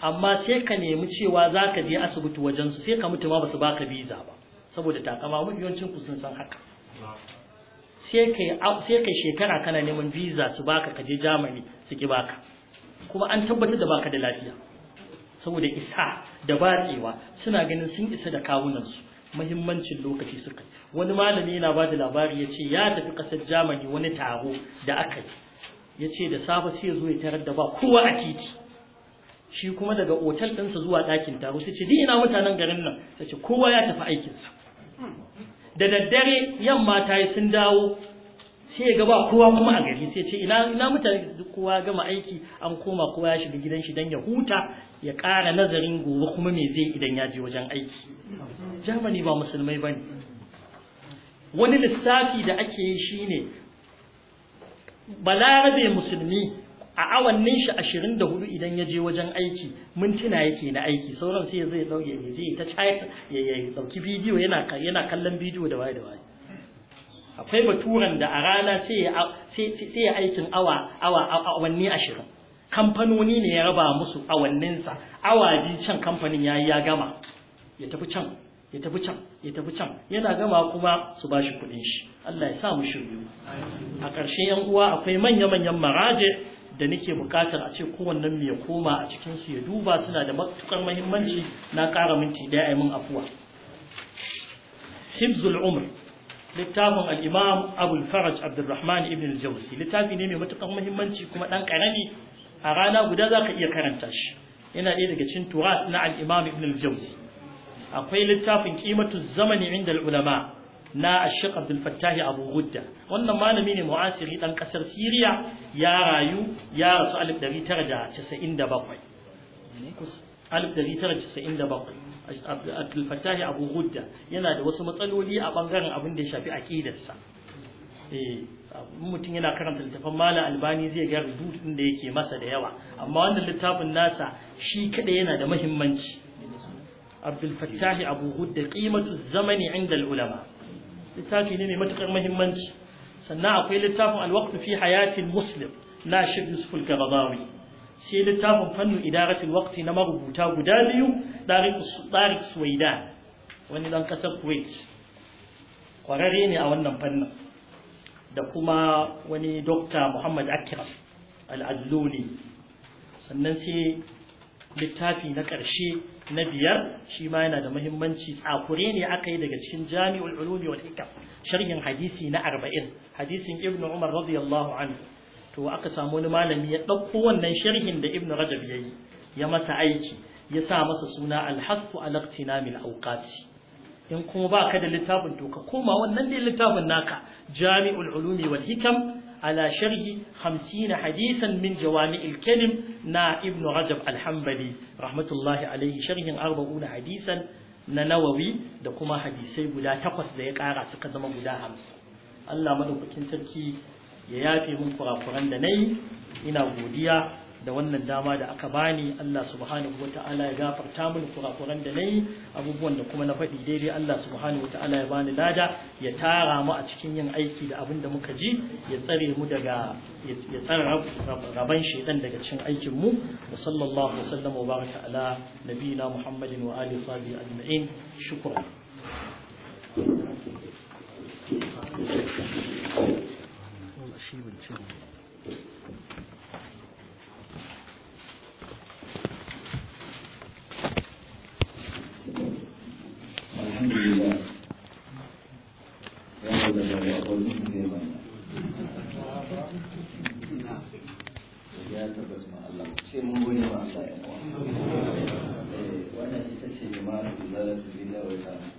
amma sai ka nemi cewa za ka je asibiti wajensu sai ka mutu ma ba su baka biza ba saboda takama mafi yawancin ku sun san haka sai kai shekara kana neman visa su baka ka je Germany su ki baka kuma an tabbatar da baka da lafiya saboda isa da batsewa suna ganin sun isa da kawunansu mahimmancin lokaci suka wani malami yana bada labari ya ce ya tafi ƙasar jamani wani taro da aka yi ya ce da safe sai ya zo ya tarar da ba kowa a titi shi kuma daga otal ɗinsa zuwa ɗakin taro sai ce ina mutanen garin nan sai ce kowa ya tafi aikinsa da daddare yamma ta yi sun dawo sai ya gaba kowa kuma a gari sai ce ina mutane kowa gama aiki an koma kowa ya shiga gidan shi dan ya huta ya ƙara nazarin gobe kuma me zai idan ya je wajen aiki Jamani ba musulmai bane wani lissafi da ake yi shine balarabe musulmi a awannin shi ashirin da hudu idan ya je wajen aiki mintuna yake na aiki sauran sai zai dauke ya je ta ya dauki bidiyo yana kallon bidiyo da waye da waye akwai baturan da a rana sai ya aikin awa awanni ashirin kamfanoni ne ya raba musu awanninsa awa biyu can kamfanin ya yi ya gama ya tafi can ya tafi can ya tafi can yana gama kuma su ba shi kuɗin shi Allah ya sa mu shiryu a ƙarshen yan uwa akwai manya-manyan maraje da nake buƙatar a ce mu ya koma a cikin su ya duba suna da matukar muhimmanci na ƙara minti ɗaya a min afuwa hibzul umr littafin al-imam abul faraj ibn al-jawzi littafi ne mai matukar muhimmanci kuma ɗan karami a rana guda zaka iya karanta shi yana ɗaya daga cikin tura na al-imam ibn al-jawzi akwai littafin ƙimatu zamani inda al-ulama na Ashiq Abdul a Abu Gudda wannan malami ne mu'asiri ɗan ƙasar Syria ya rayu ya rasu alif ɗari tara da bakwai. 1997 Abdul Fattah Abu Hudda yana da wasu matsaloli a bangaren abin da ya shafi aqidarsa eh mutum yana karanta littafin Malam Albani zai ga rubutun da yake masa da yawa amma wannan littafin nasa shi kada yana da muhimmanci Abdul Fattah Abu Hudda qimatu zamani inda ulama littafi ne mai matukar muhimmanci sannan akwai littafin al fi hayatin muslim na Sheikh Yusuf al sai littafin fannin idaratul waqti na marubuta guda biyu Tariq Suwaidan wani dan kasar Kuwait kwararre ne a wannan fannin da kuma wani dokta Muhammad Akram al sannan sai littafi na ƙarshe na biyar shi ma yana da muhimmanci tsakure ne aka yi daga cikin jami'ul ulumi wal hikam sharhin hadisi na arba'in hadisin ibnu umar radiyallahu anhu to aka samu wani malami ya ɗauko wannan sharhin da ibnu rajab ya yi ya masa aiki ya sa masa suna alhaqqu ala min awqati in kuma ba ka da littafin to ka koma wannan ne littafin naka jami'ul ulumi wal hikam ala sharhi 50 hadisan min jawami'il kalim na ibnu rajab alhambali rahmatullahi alayhi sharhin 40 hadisan na nawawi da kuma hadisai guda takwas da ya kara suka zama guda hamsin Allah madaukakin sarki ya yafe min kurakuran da nayi ina godiya da wannan dama da aka bani Allah subhanahu wata'ala ya gafarta min kurakuran da nayi abubuwan da kuma na faɗi daidai Allah subhanahu wata'ala ya bani lada ya tara mu a cikin yin aiki da abin da muka ji ya tsare mu daga ya tsare raban shedan daga cikin aikin mu wa sallallahu wa sallama wa baraka ala nabiyina Muhammadin wa alihi sahbihi ajma'in shukran شيء من شغله الحمد لله يا رب العالمين ya tabbata ma Allah ce mun gode ma Allah ya wannan ita ce jama'ar da zalatu billahi wa ta'ala